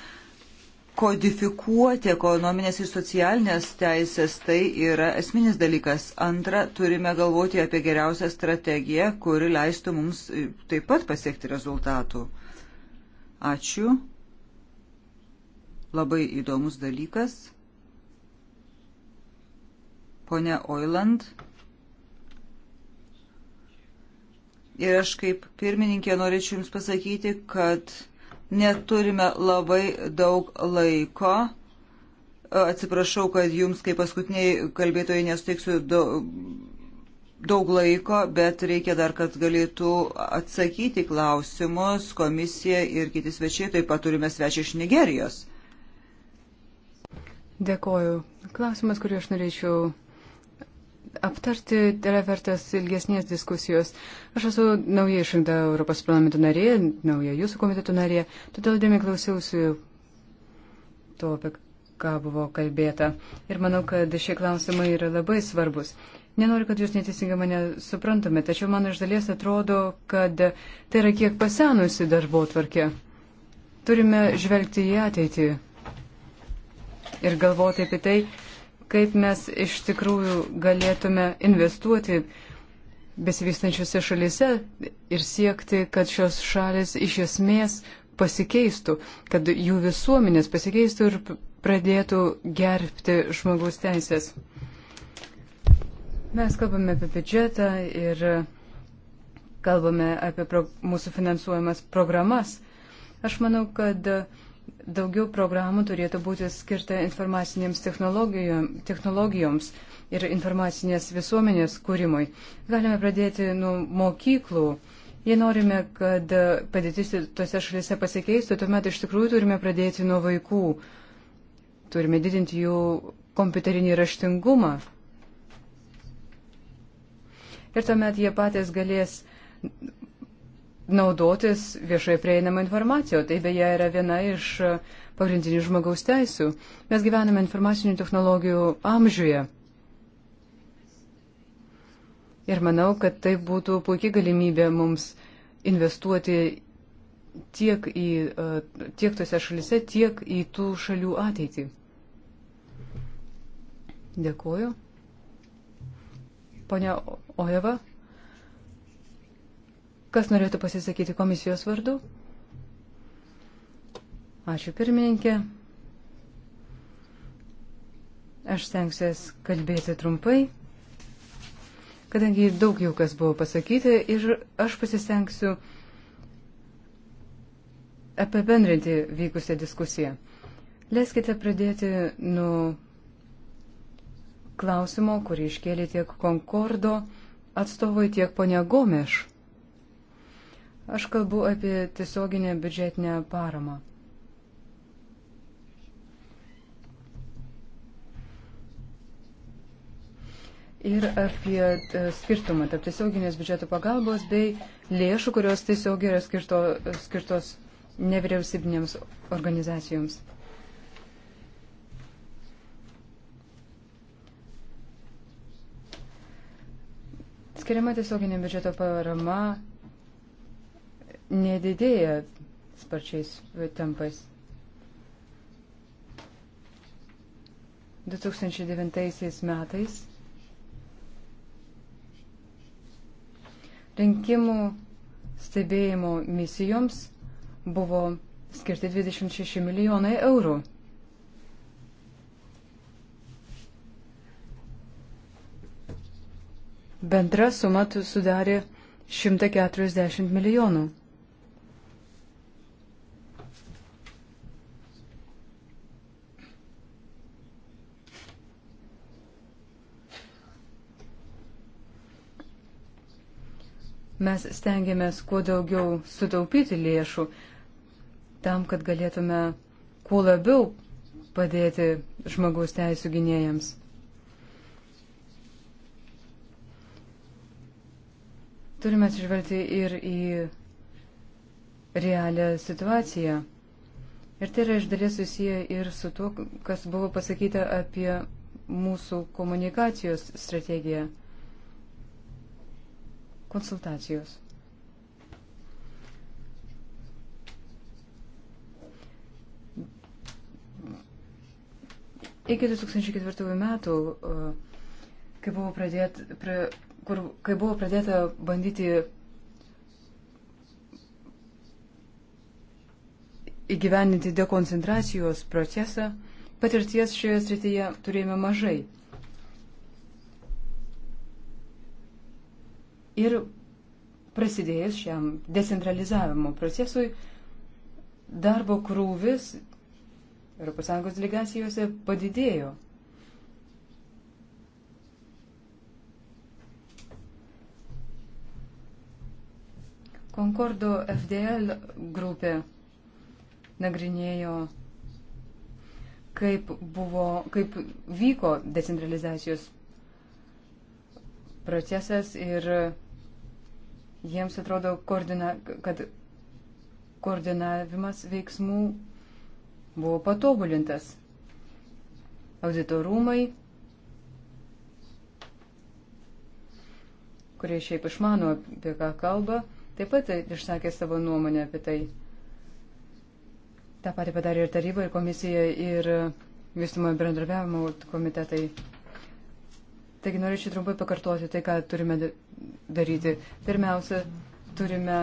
Speaker 3: kodifikuoti ekonominės ir socialinės teisės, tai yra esminis dalykas. Antra, turime galvoti apie geriausią strategiją, kuri leistų mums taip pat pasiekti rezultatų. Ačiū. Labai įdomus dalykas. Pone Oiland. Ir aš kaip pirmininkė norėčiau Jums pasakyti, kad neturime labai daug laiko. Atsiprašau, kad jums kaip paskutiniai kalbėtojai nesuteiksiu daug, daug laiko, bet reikia dar, kad galėtų atsakyti klausimus komisija ir kiti svečiai. Taip pat turime svečią iš Nigerijos.
Speaker 2: Dėkoju. Klausimas, kurį aš norėčiau aptarti tai yra vertas ilgesnės diskusijos. Aš esu nauja išrinkta Europos parlamento narė, nauja jūsų komiteto narė, todėl dėmi klausiausi to, apie ką buvo kalbėta. Ir manau, kad šie klausimai yra labai svarbus. Nenoriu, kad jūs neteisingai mane suprantumėte, tačiau man iš dalies atrodo, kad tai yra kiek pasenusi darbo tvarkė. Turime žvelgti į ateitį ir galvoti apie tai, kaip mes iš tikrųjų galėtume investuoti besivystančiose šalise ir siekti, kad šios šalis iš esmės pasikeistų, kad jų visuomenės pasikeistų ir pradėtų gerbti žmogaus teisės. Mes kalbame apie biudžetą ir kalbame apie pro, mūsų finansuojamas programas. Aš manau, kad uh, daugiau programų turėtų būti skirta informacinėms technologijoms ir informacinės visuomenės kūrimui. Galime pradėti nuo mokyklų. Jei norime, kad padėtis tose šalyse pasikeistų, tuomet iš tikrųjų turime pradėti nuo vaikų. Turime didinti jų kompiuterinį raštingumą. Ir tuomet jie patys galės naudotis viešai prieinamą informaciją. Tai beje yra viena iš e, pagrindinių žmogaus teisų. Mes gyvename informacinių technologijų amžiuje. Ir manau, kad tai būtų puikia galimybė mums investuoti tiek, į, e, tiek tose šalise, tiek į tų šalių ateitį. Dėkuoju. Pone Ojeva. Kas norėtų pasisakyti komisijos vardu? Ačiū pirmininkė. Aš stengsiuos kalbėti trumpai, kadangi daug jau kas buvo pasakyti ir aš pasistengsiu apibendrinti vykusią diskusiją. Leiskite pradėti nuo klausimo, kurį iškėlė tiek Konkordo atstovai, tiek ponia Gomeš. Aš kalbu apie tiesioginę biudžetinę paramą. ir apie e, skirtumą tarp tiesioginės biudžeto pagalbos bei lėšų, kurios tiesiog yra skirto, skirtos nevyriausybinėms organizacijoms. Skiriama tiesioginė biudžeto parama nedidėja sparčiais tempais. 2009 metais rinkimų stebėjimo misijoms buvo skirti 26 milijonai eurų. Bendra suma sudarė 140 milijonų. mes stengiamės kuo daugiau sutaupyti lėšų tam, kad galėtume kuo labiau padėti žmogaus teisų gynėjams. Turime atsižvelgti ir į realią situaciją. Ir tai yra iš dalies susiję ir su tuo, kas buvo pasakyta apie mūsų komunikacijos strategiją konsultacijos. Iki 2004 metų, uh, kai buvo, pradėt, prie, kur, kai buvo pradėta bandyti įgyveninti dekoncentracijos procesą, patirties šioje srityje turėjome mažai. Ir prasidėjus šiam decentralizavimo procesui, darbo krūvis ES delegacijose padidėjo. Concordo FDL grupė nagrinėjo, kaip, buvo, kaip vyko decentralizacijos procesas ir Jiems atrodo, koordina, kad koordinavimas veiksmų buvo patobulintas. Auditorumai, kurie šiaip išmano apie ką kalba, taip pat išsakė savo nuomonę apie tai. Ta pati padarė ir taryba, ir komisija, ir visumo bendradarbiavimo komitetai. Taigi norėčiau trumpai pakartoti tai, ką turime daryti. Pirmiausia, turime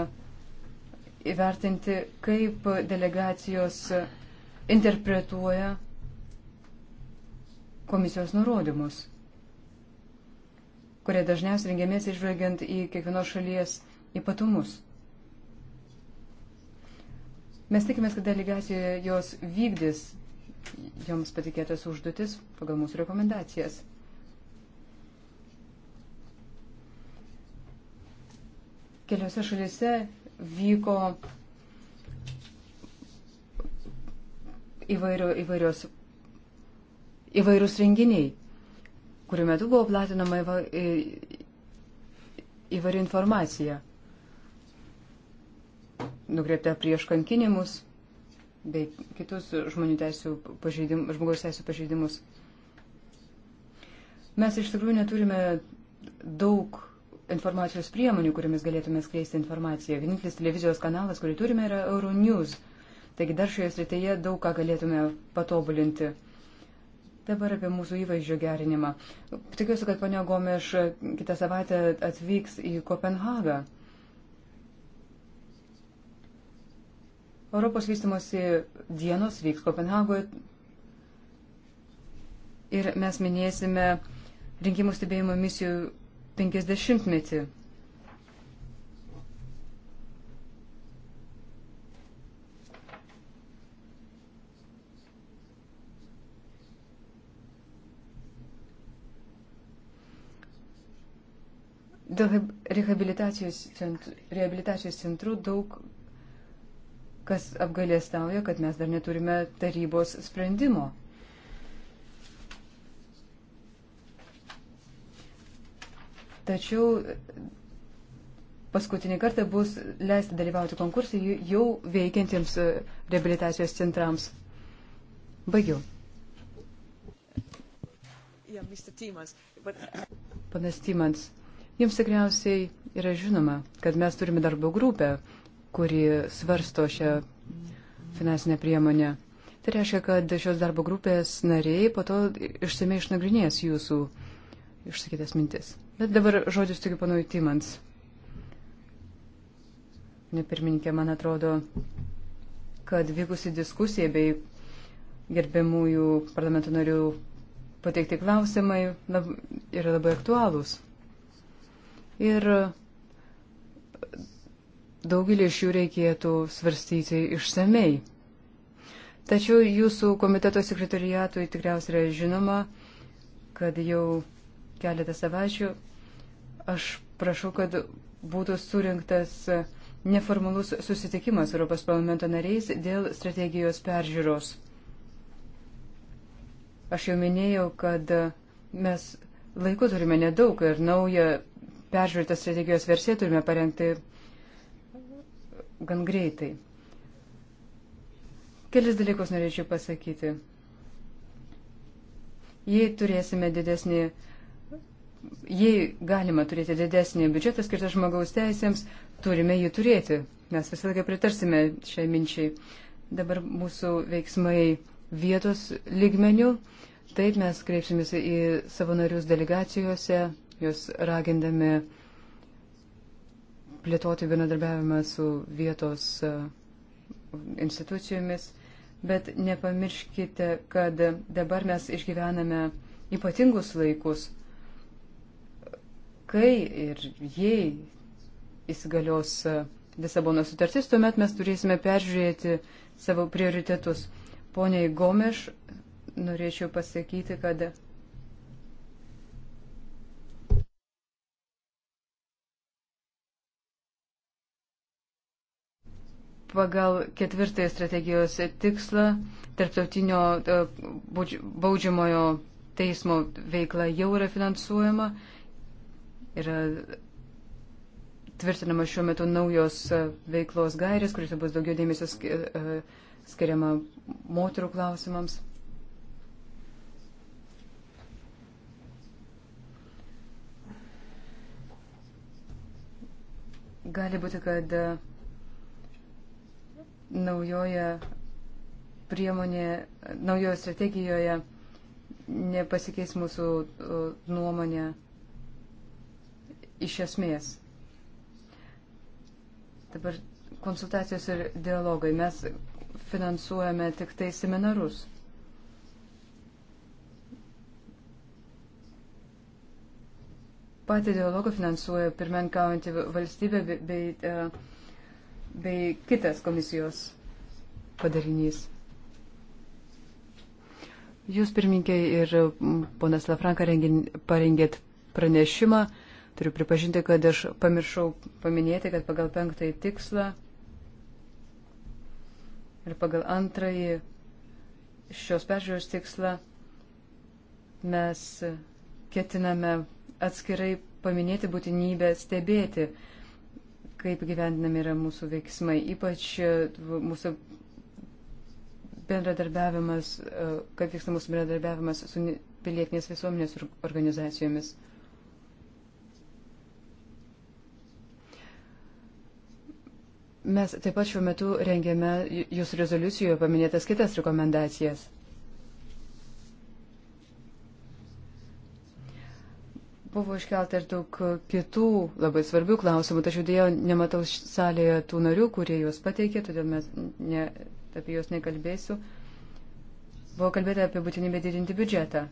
Speaker 2: įvertinti, kaip delegacijos interpretuoja komisijos nurodymus, kurie dažniausiai rengiamės išvelgiant į kiekvienos šalies ypatumus. Mes tikimės, kad delegacija jos vykdys joms patikėtas užduotis pagal mūsų rekomendacijas. keliose šalise vyko įvairio, įvairios, įvairūs renginiai, kuriuo metu buvo platinama įvairi informacija, nukreipta prieš kankinimus bei kitus žmonių teisų pažeidimus, žmogaus teisų pažeidimus. Mes iš tikrųjų neturime daug informacijos priemonių, kuriamis galėtume skleisti informaciją. Vienintelis televizijos kanalas, kurį turime, yra Euronews. Taigi dar šioje srityje daug ką galėtume patobulinti. Dabar apie mūsų įvaizdžio gerinimą. Tikiuosi, kad ponia Gomeš kitą savaitę atvyks į Kopenhagą. Europos vystimosi dienos vyks Kopenhagoje ir mes minėsime rinkimų stebėjimo misijų 50-metį. Dėl rehabilitacijos centrų, rehabilitacijos centrų daug kas apgalėstauja, kad mes dar neturime tarybos sprendimo. tačiau paskutinį kartą bus leisti dalyvauti konkursai jau veikiantiems e, rehabilitacijos centrams. Baigiau. Yeah, Timans, but... Panas Timans, jums tikriausiai yra žinoma, kad mes turime darbo grupę, kuri svarsto šią finansinę priemonę. Tai reiškia, kad šios darbo grupės nariai po to išsamei išnagrinės jūsų išsakytas mintis. Bet dabar žodis tokiu panui Timans. Nepirminkė, man atrodo, kad vykusi diskusija bei gerbiamųjų parlamento narių pateikti klausimai lab, yra labai aktualūs. Ir daugelį iš jų reikėtų svarstyti išsamei. Tačiau jūsų komiteto sekretariatui tikriausiai yra žinoma, kad jau keletą savaičių Aš prašau, kad būtų surinktas neformalus susitikimas Europos parlamento nariais dėl strategijos peržiūros. Aš jau minėjau, kad mes laiko turime nedaug ir naują peržiūrėtą strategijos versiją turime parengti gan greitai. Kelis dalykus norėčiau pasakyti. Jei turėsime didesnį uh, jei galima turėti didesnį biudžetą skirtą žmogaus teisėms, turime jį turėti. Mes visą laiką pritarsime šiai minčiai. Dabar mūsų veiksmai vietos lygmenių. Taip mes kreipsimės į savo narius delegacijose, jūs ragindami plėtoti bendradarbiavimą su vietos e, institucijomis. Bet nepamirškite, kad dabar mes išgyvename ypatingus laikus kai ir jei įsigalios Lisabono sutartis, tuomet mes turėsime peržiūrėti savo prioritetus. Poniai Gomeš, norėčiau pasakyti, kad pagal ketvirtąją strategijos tikslą tarptautinio e, baudžiamojo teismo veikla jau yra finansuojama Yra tvirtinama šiuo metu naujos e, veiklos gairės, kuriuose bus daugiau dėmesio e, skiriama moterų klausimams. Gali būti, kad e, naujoje priemonė, naujoje strategijoje nepasikeis mūsų nuomonė iš esmės. Dabar konsultacijos ir dialogai. Mes finansuojame tik tai seminarus. Patį dialogą finansuoja pirmenkaujantį valstybę bei, bei, e, bei kitas komisijos padarinys. Jūs pirmininkai ir ponas Lafranka rengin, parengėt pranešimą Turiu pripažinti, kad aš pamiršau paminėti, kad pagal penktąjį tikslą ir pagal antrąjį šios peržiūros tikslą mes ketiname atskirai paminėti būtinybę stebėti, kaip gyvendinami yra mūsų veiksmai, ypač e, mūsų bendradarbiavimas, e, kaip vyksta mūsų bendradarbiavimas su pilietinės visuomenės organizacijomis. Mes taip pat šiuo metu rengiame jūsų rezoliucijoje paminėtas kitas rekomendacijas. Buvo iškelta ir daug kitų labai svarbių klausimų, tačiau dėjo nematau salėje tų narių, kurie juos pateikė, todėl mes ne, apie juos nekalbėsiu. Buvo kalbėta apie būtinybę didinti biudžetą.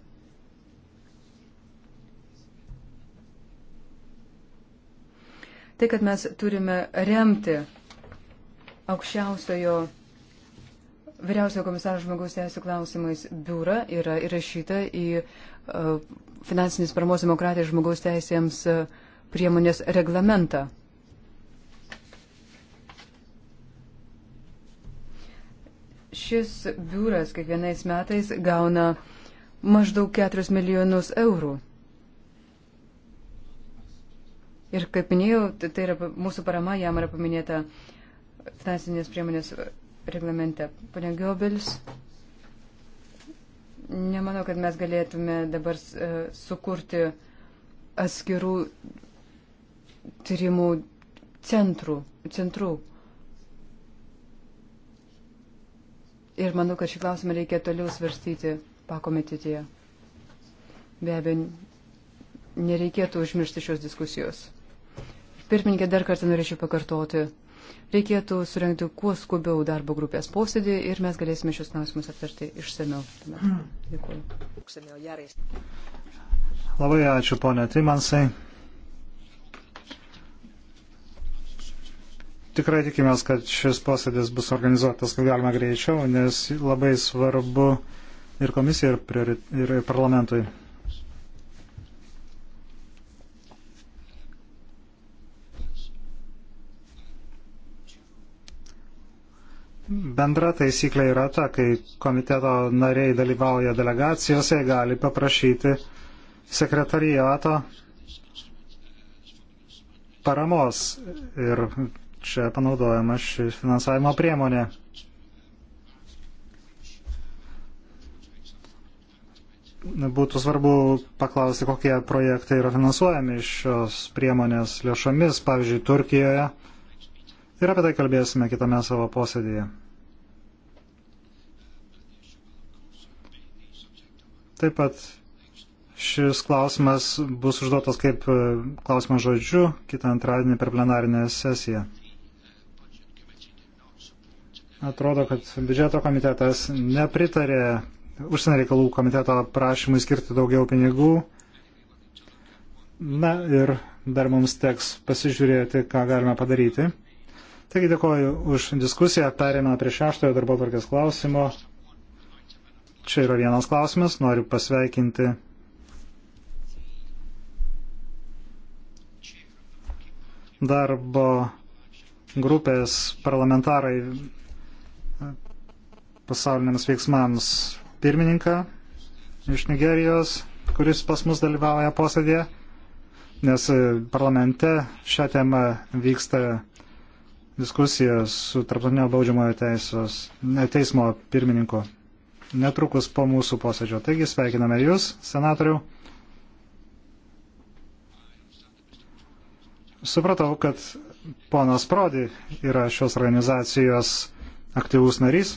Speaker 2: Tai, kad mes turime remti aukščiausiojo vyriausiojo komisaro žmogaus teisų klausimais biura yra įrašyta į uh, finansinės paramos demokratijos žmogaus teisėms e, priemonės reglamentą. Šis biuras kiekvienais metais gauna maždaug 4 milijonus eurų. Ir kaip minėjau, tai, tai yra mūsų parama jam yra paminėta uh, finansinės priemonės reglamente. Pane Giobelis, nemanau, kad mes galėtume dabar e, sukurti atskirų tyrimų centrų. centrų. Ir manau, kad šį klausimą reikia toliau svarstyti pakomitetėje. Be abejo, nereikėtų užmiršti šios diskusijos. Pirmininkė, dar kartą norėčiau pakartoti, reikėtų surengti kuo skubiau darbo grupės posėdį ir mes galėsime šios klausimus aptarti išsameu. Dėkuoju.
Speaker 1: Labai ačiū, ponė Timansai. Tikrai tikimės, kad šis posėdis bus organizuotas, kad galima greičiau, nes labai svarbu ir komisijai, ir, ir parlamentui. bendra taisyklė yra ta, kai komiteto nariai dalyvauja delegacijose, gali paprašyti sekretariato paramos ir čia panaudojama ši finansavimo priemonė. Būtų svarbu paklausti, kokie projektai yra finansuojami šios priemonės lėšomis, pavyzdžiui, Turkijoje Ir apie tai kalbėsime kitame savo posėdėje. Taip pat šis klausimas bus užduotas kaip e, klausimas žodžiu kitą antradienį per plenarinę sesiją. Atrodo, kad biudžeto komitetas nepritarė užsienio reikalų komiteto prašymui skirti daugiau pinigų. Na ir dar mums teks pasižiūrėti, ką galime padaryti. Taigi dėkoju už diskusiją, perėmę prie šeštojo darbo tvarkės klausimo. Čia yra vienas klausimas, noriu pasveikinti darbo grupės parlamentarai pasauliniams veiksmams pirmininką iš Nigerijos, kuris pas mus dalyvauja posėdėje, nes parlamente šią temą vyksta diskusiją su Tarptautinio baudžiamojo teisos, ne, teismo pirmininku netrukus po mūsų posėdžio. Taigi sveikiname Jūs, senatoriu. Supratau, kad ponas Prodi yra šios organizacijos aktyvus narys.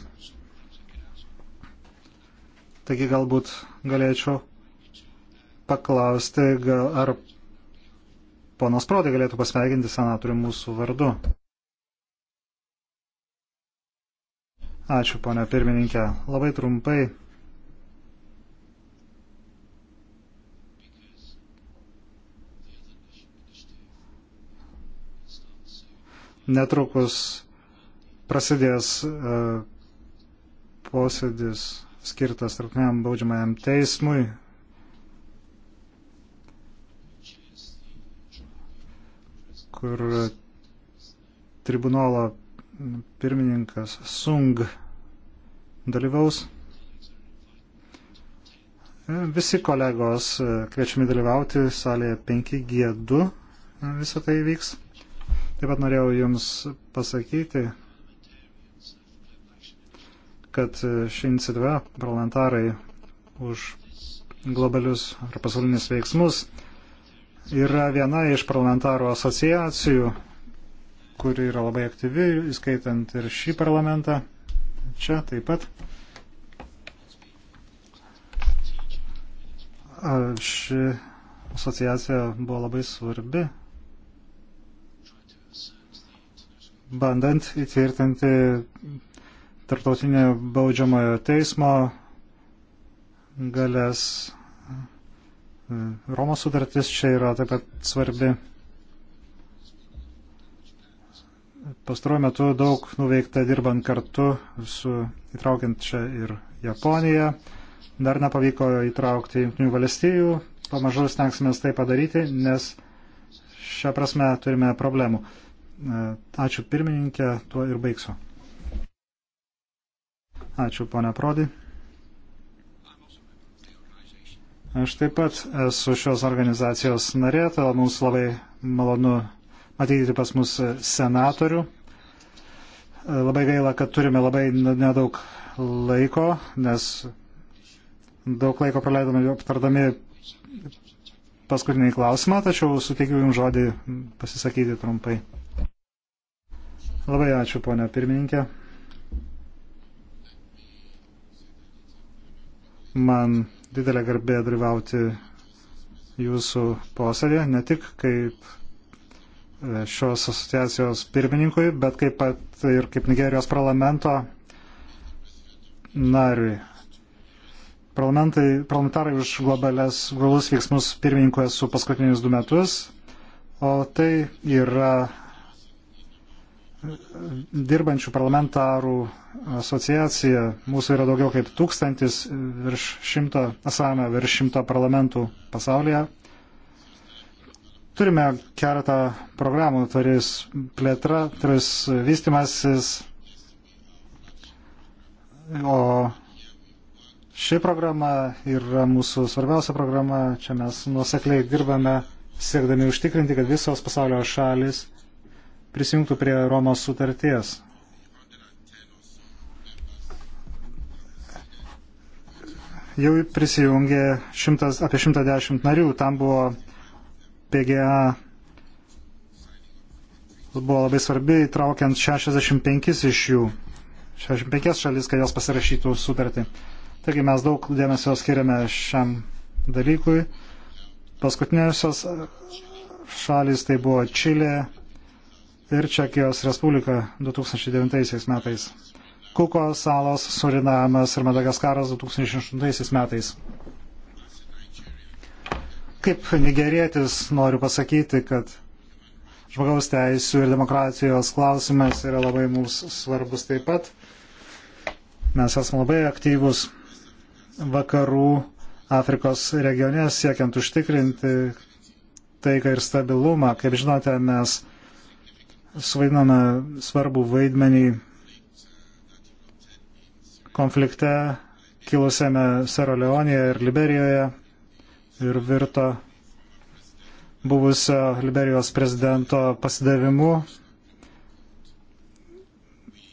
Speaker 1: Taigi galbūt galėčiau paklausti, gal, ar ponas Prodi galėtų pasveikinti senatorių mūsų vardu. Ačiū, ponia pirmininkė. Labai trumpai. Netrukus prasidės e, posėdis skirtas tarptautiniam baudžiamajam teismui. kur tribunolo pirmininkas Sung dalyvaus. Visi kolegos kviečiami dalyvauti salėje 5G2. Visą tai vyks. Taip pat norėjau Jums pasakyti, kad ši iniciatyva parlamentarai už globalius ar pasaulinius veiksmus yra viena iš parlamentarų asociacijų kuri yra labai aktyvi, įskaitant ir šį parlamentą. Čia taip pat. Ši asociacija buvo labai svarbi, bandant įtvirtinti tarptautinio baudžiamojo teismo galės Romos sutartis čia yra taip pat svarbi. Pastaruoju metu daug nuveikta dirbant kartu su įtraukiant čia ir Japoniją. Dar nepavyko įtraukti Junktinių valstijų. Pamažu stengsime tai padaryti, nes šią prasme turime problemų. E, ačiū pirmininkė, tuo ir baigsiu. Ačiū, ponia Prodi. Aš taip pat esu šios organizacijos narė, todėl mums labai malonu matyti pas mus e, senatorių. E, labai gaila, kad turime labai nedaug laiko, nes daug laiko praleidome aptardami paskutinį klausimą, tačiau suteikiu Jums žodį pasisakyti trumpai. Labai ačiū, ponia pirmininkė. Man didelė garbė dalyvauti jūsų posėdė, ne tik kaip šios asociacijos pirmininkui, bet kaip pat ir kaip Nigerijos parlamento nariui. Parlamentarai už globalius veiksmus pirmininkui esu paskutinius du metus, o tai yra dirbančių parlamentarų asociacija. Mūsų yra daugiau kaip tūkstantis virš šimto, esame virš šimto parlamentų pasaulyje, Turime keletą programų, tvaris plėtra, tvaris vystimasis, o ši programa yra mūsų svarbiausia programa, čia mes nuosekliai dirbame, siekdami užtikrinti, kad visos pasaulio šalis prisijungtų prie Romos sutarties. Jau prisijungė šimtas, apie 110 narių, tam buvo PGA buvo labai svarbi, įtraukiant 65 iš jų, 65 šalis, kad jos pasirašytų sutartį. Taigi mes daug dėmesio skiriame šiam dalykui. Paskutinėsios šalis tai buvo Čilė ir Čekijos Respublika 2009 metais. Kuko salos, Surinamas ir Madagaskaras 2008 metais. Kaip nigerietis noriu pasakyti, kad žmogaus teisų ir demokratijos klausimas yra labai mums svarbus taip pat. Mes esame labai aktyvus vakarų Afrikos regione siekiant užtikrinti taiką ir stabilumą. Kaip žinote, mes suvaidiname svarbų vaidmenį konflikte kilusiame Sero Leonėje ir Liberijoje ir virto buvusio Liberijos prezidento pasidavimu,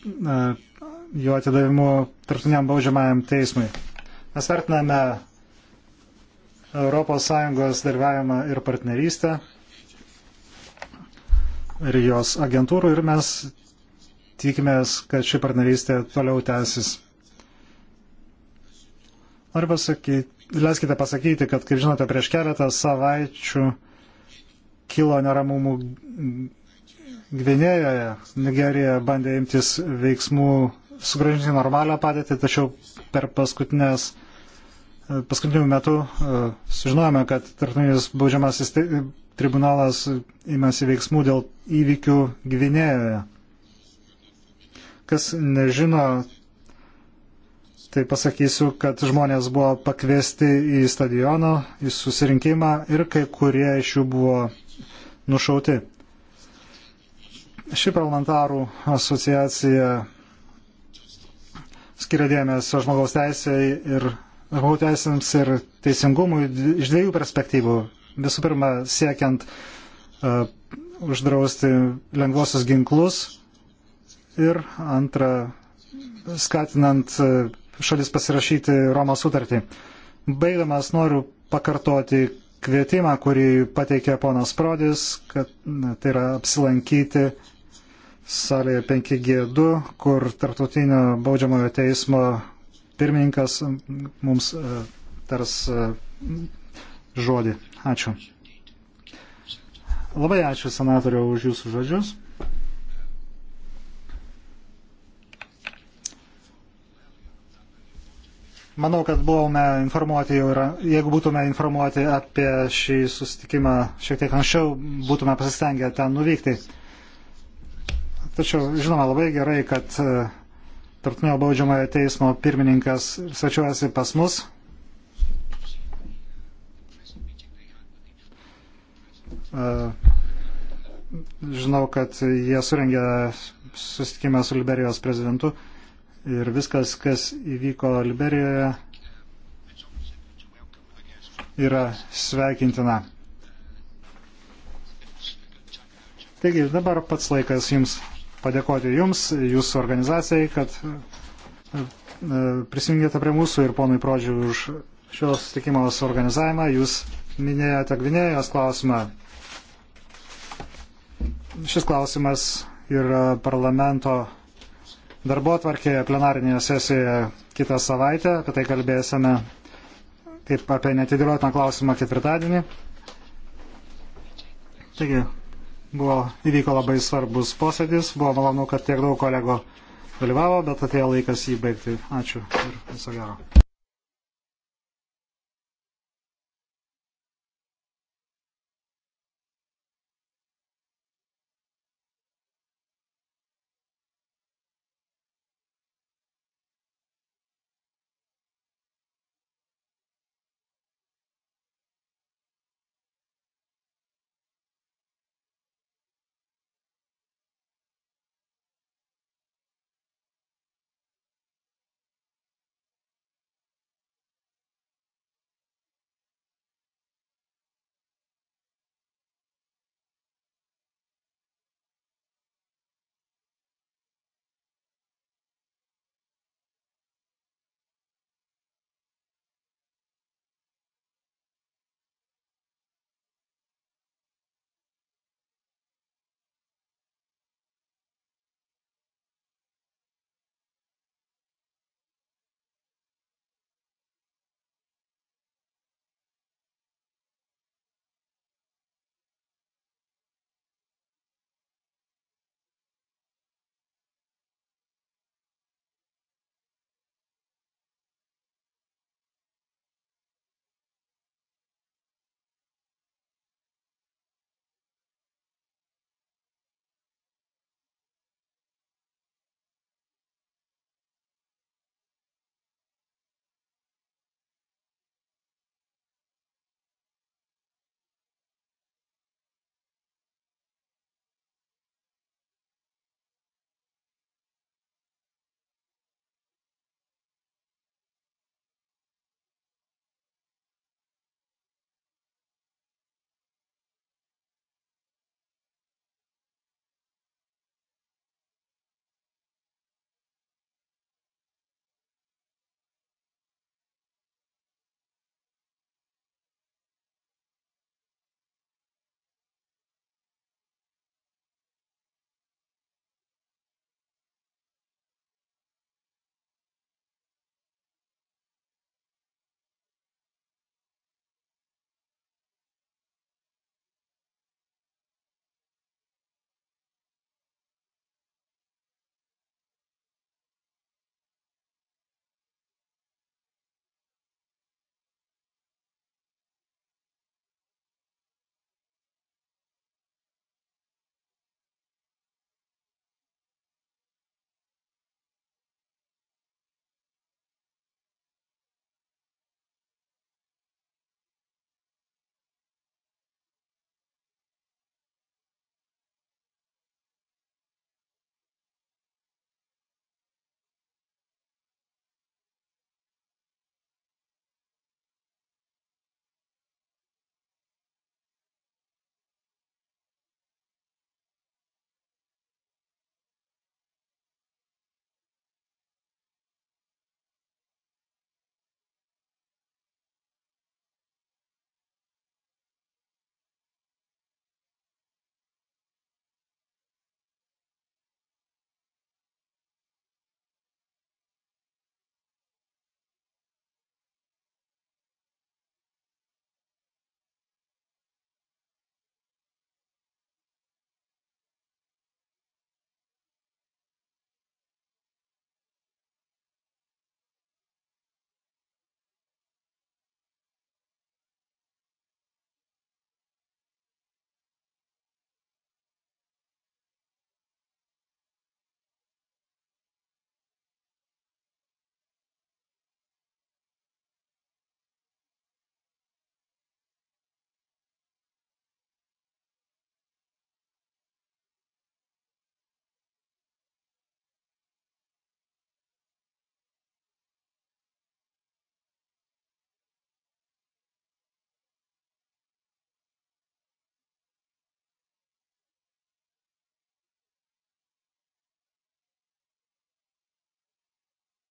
Speaker 1: e, jo atidavimu tarptautiniam baudžiamajam teismui. Mes vertiname ES dalyvavimą ir partnerystę ir jos agentūrų ir mes tikimės, kad ši partnerystė toliau tęsis. Noriu pasakyti, leiskite pasakyti, kad, kaip žinote, prieš keletą savaičių kilo neramumų Gvinėjoje. Nigerija bandė imtis veiksmų sugražinti normalią padėtį, tačiau per paskutinės paskutinių metų e, sužinojome, kad tarptautinis baudžiamasis tribunalas imasi veiksmų dėl įvykių Gvinėjoje. Kas nežino, tai pasakysiu, kad žmonės buvo pakviesti į stadioną, į susirinkimą ir kai kurie iš jų buvo nušauti. Ši parlamentarų asociacija skiria dėmesio žmogaus teisėjai ir žmogaus teisėms ir teisingumui iš dviejų perspektyvų. Visų pirma, siekiant uh, uždrausti lengvosius ginklus ir antra, skatinant uh, šalis pasirašyti Romos sutartį. Baigdamas noriu pakartoti kvietimą, kurį pateikė ponas Prodis, kad na, tai yra apsilankyti salėje 5G2, kur tarptautinio baudžiamojo teismo pirmininkas mums e, tars e, žodį. Ačiū. Labai ačiū senatoriau už jūsų žodžius. Manau, kad buvome informuoti jau yra, jeigu būtume informuoti apie šį susitikimą šiek tiek anksčiau, būtume pasistengę ten nuvykti. Tačiau, žinoma, labai gerai, kad e, Tartunio baudžiamojo teismo pirmininkas svečiuojasi pas mus. E, žinau, kad jie surengė susitikimą su Liberijos prezidentu ir viskas, kas įvyko Liberijoje, yra sveikintina. Taigi dabar pats laikas Jums padėkoti Jums, Jūsų organizacijai, kad e, prisijungėte prie mūsų ir ponui Prodžiui už šios sutikimo suorganizavimą. Jūs minėjote Gvinėjos klausimą. Šis klausimas yra parlamento darbo atvarkėje plenarinėje sesijoje kitą savaitę, apie tai kalbėsime kaip apie netidėliotiną klausimą ketvirtadienį. Taigi, buvo, įvyko labai svarbus posėdis, buvo malonu, kad tiek daug kolego dalyvavo, bet atėjo laikas jį baigti. Ačiū ir viso gero.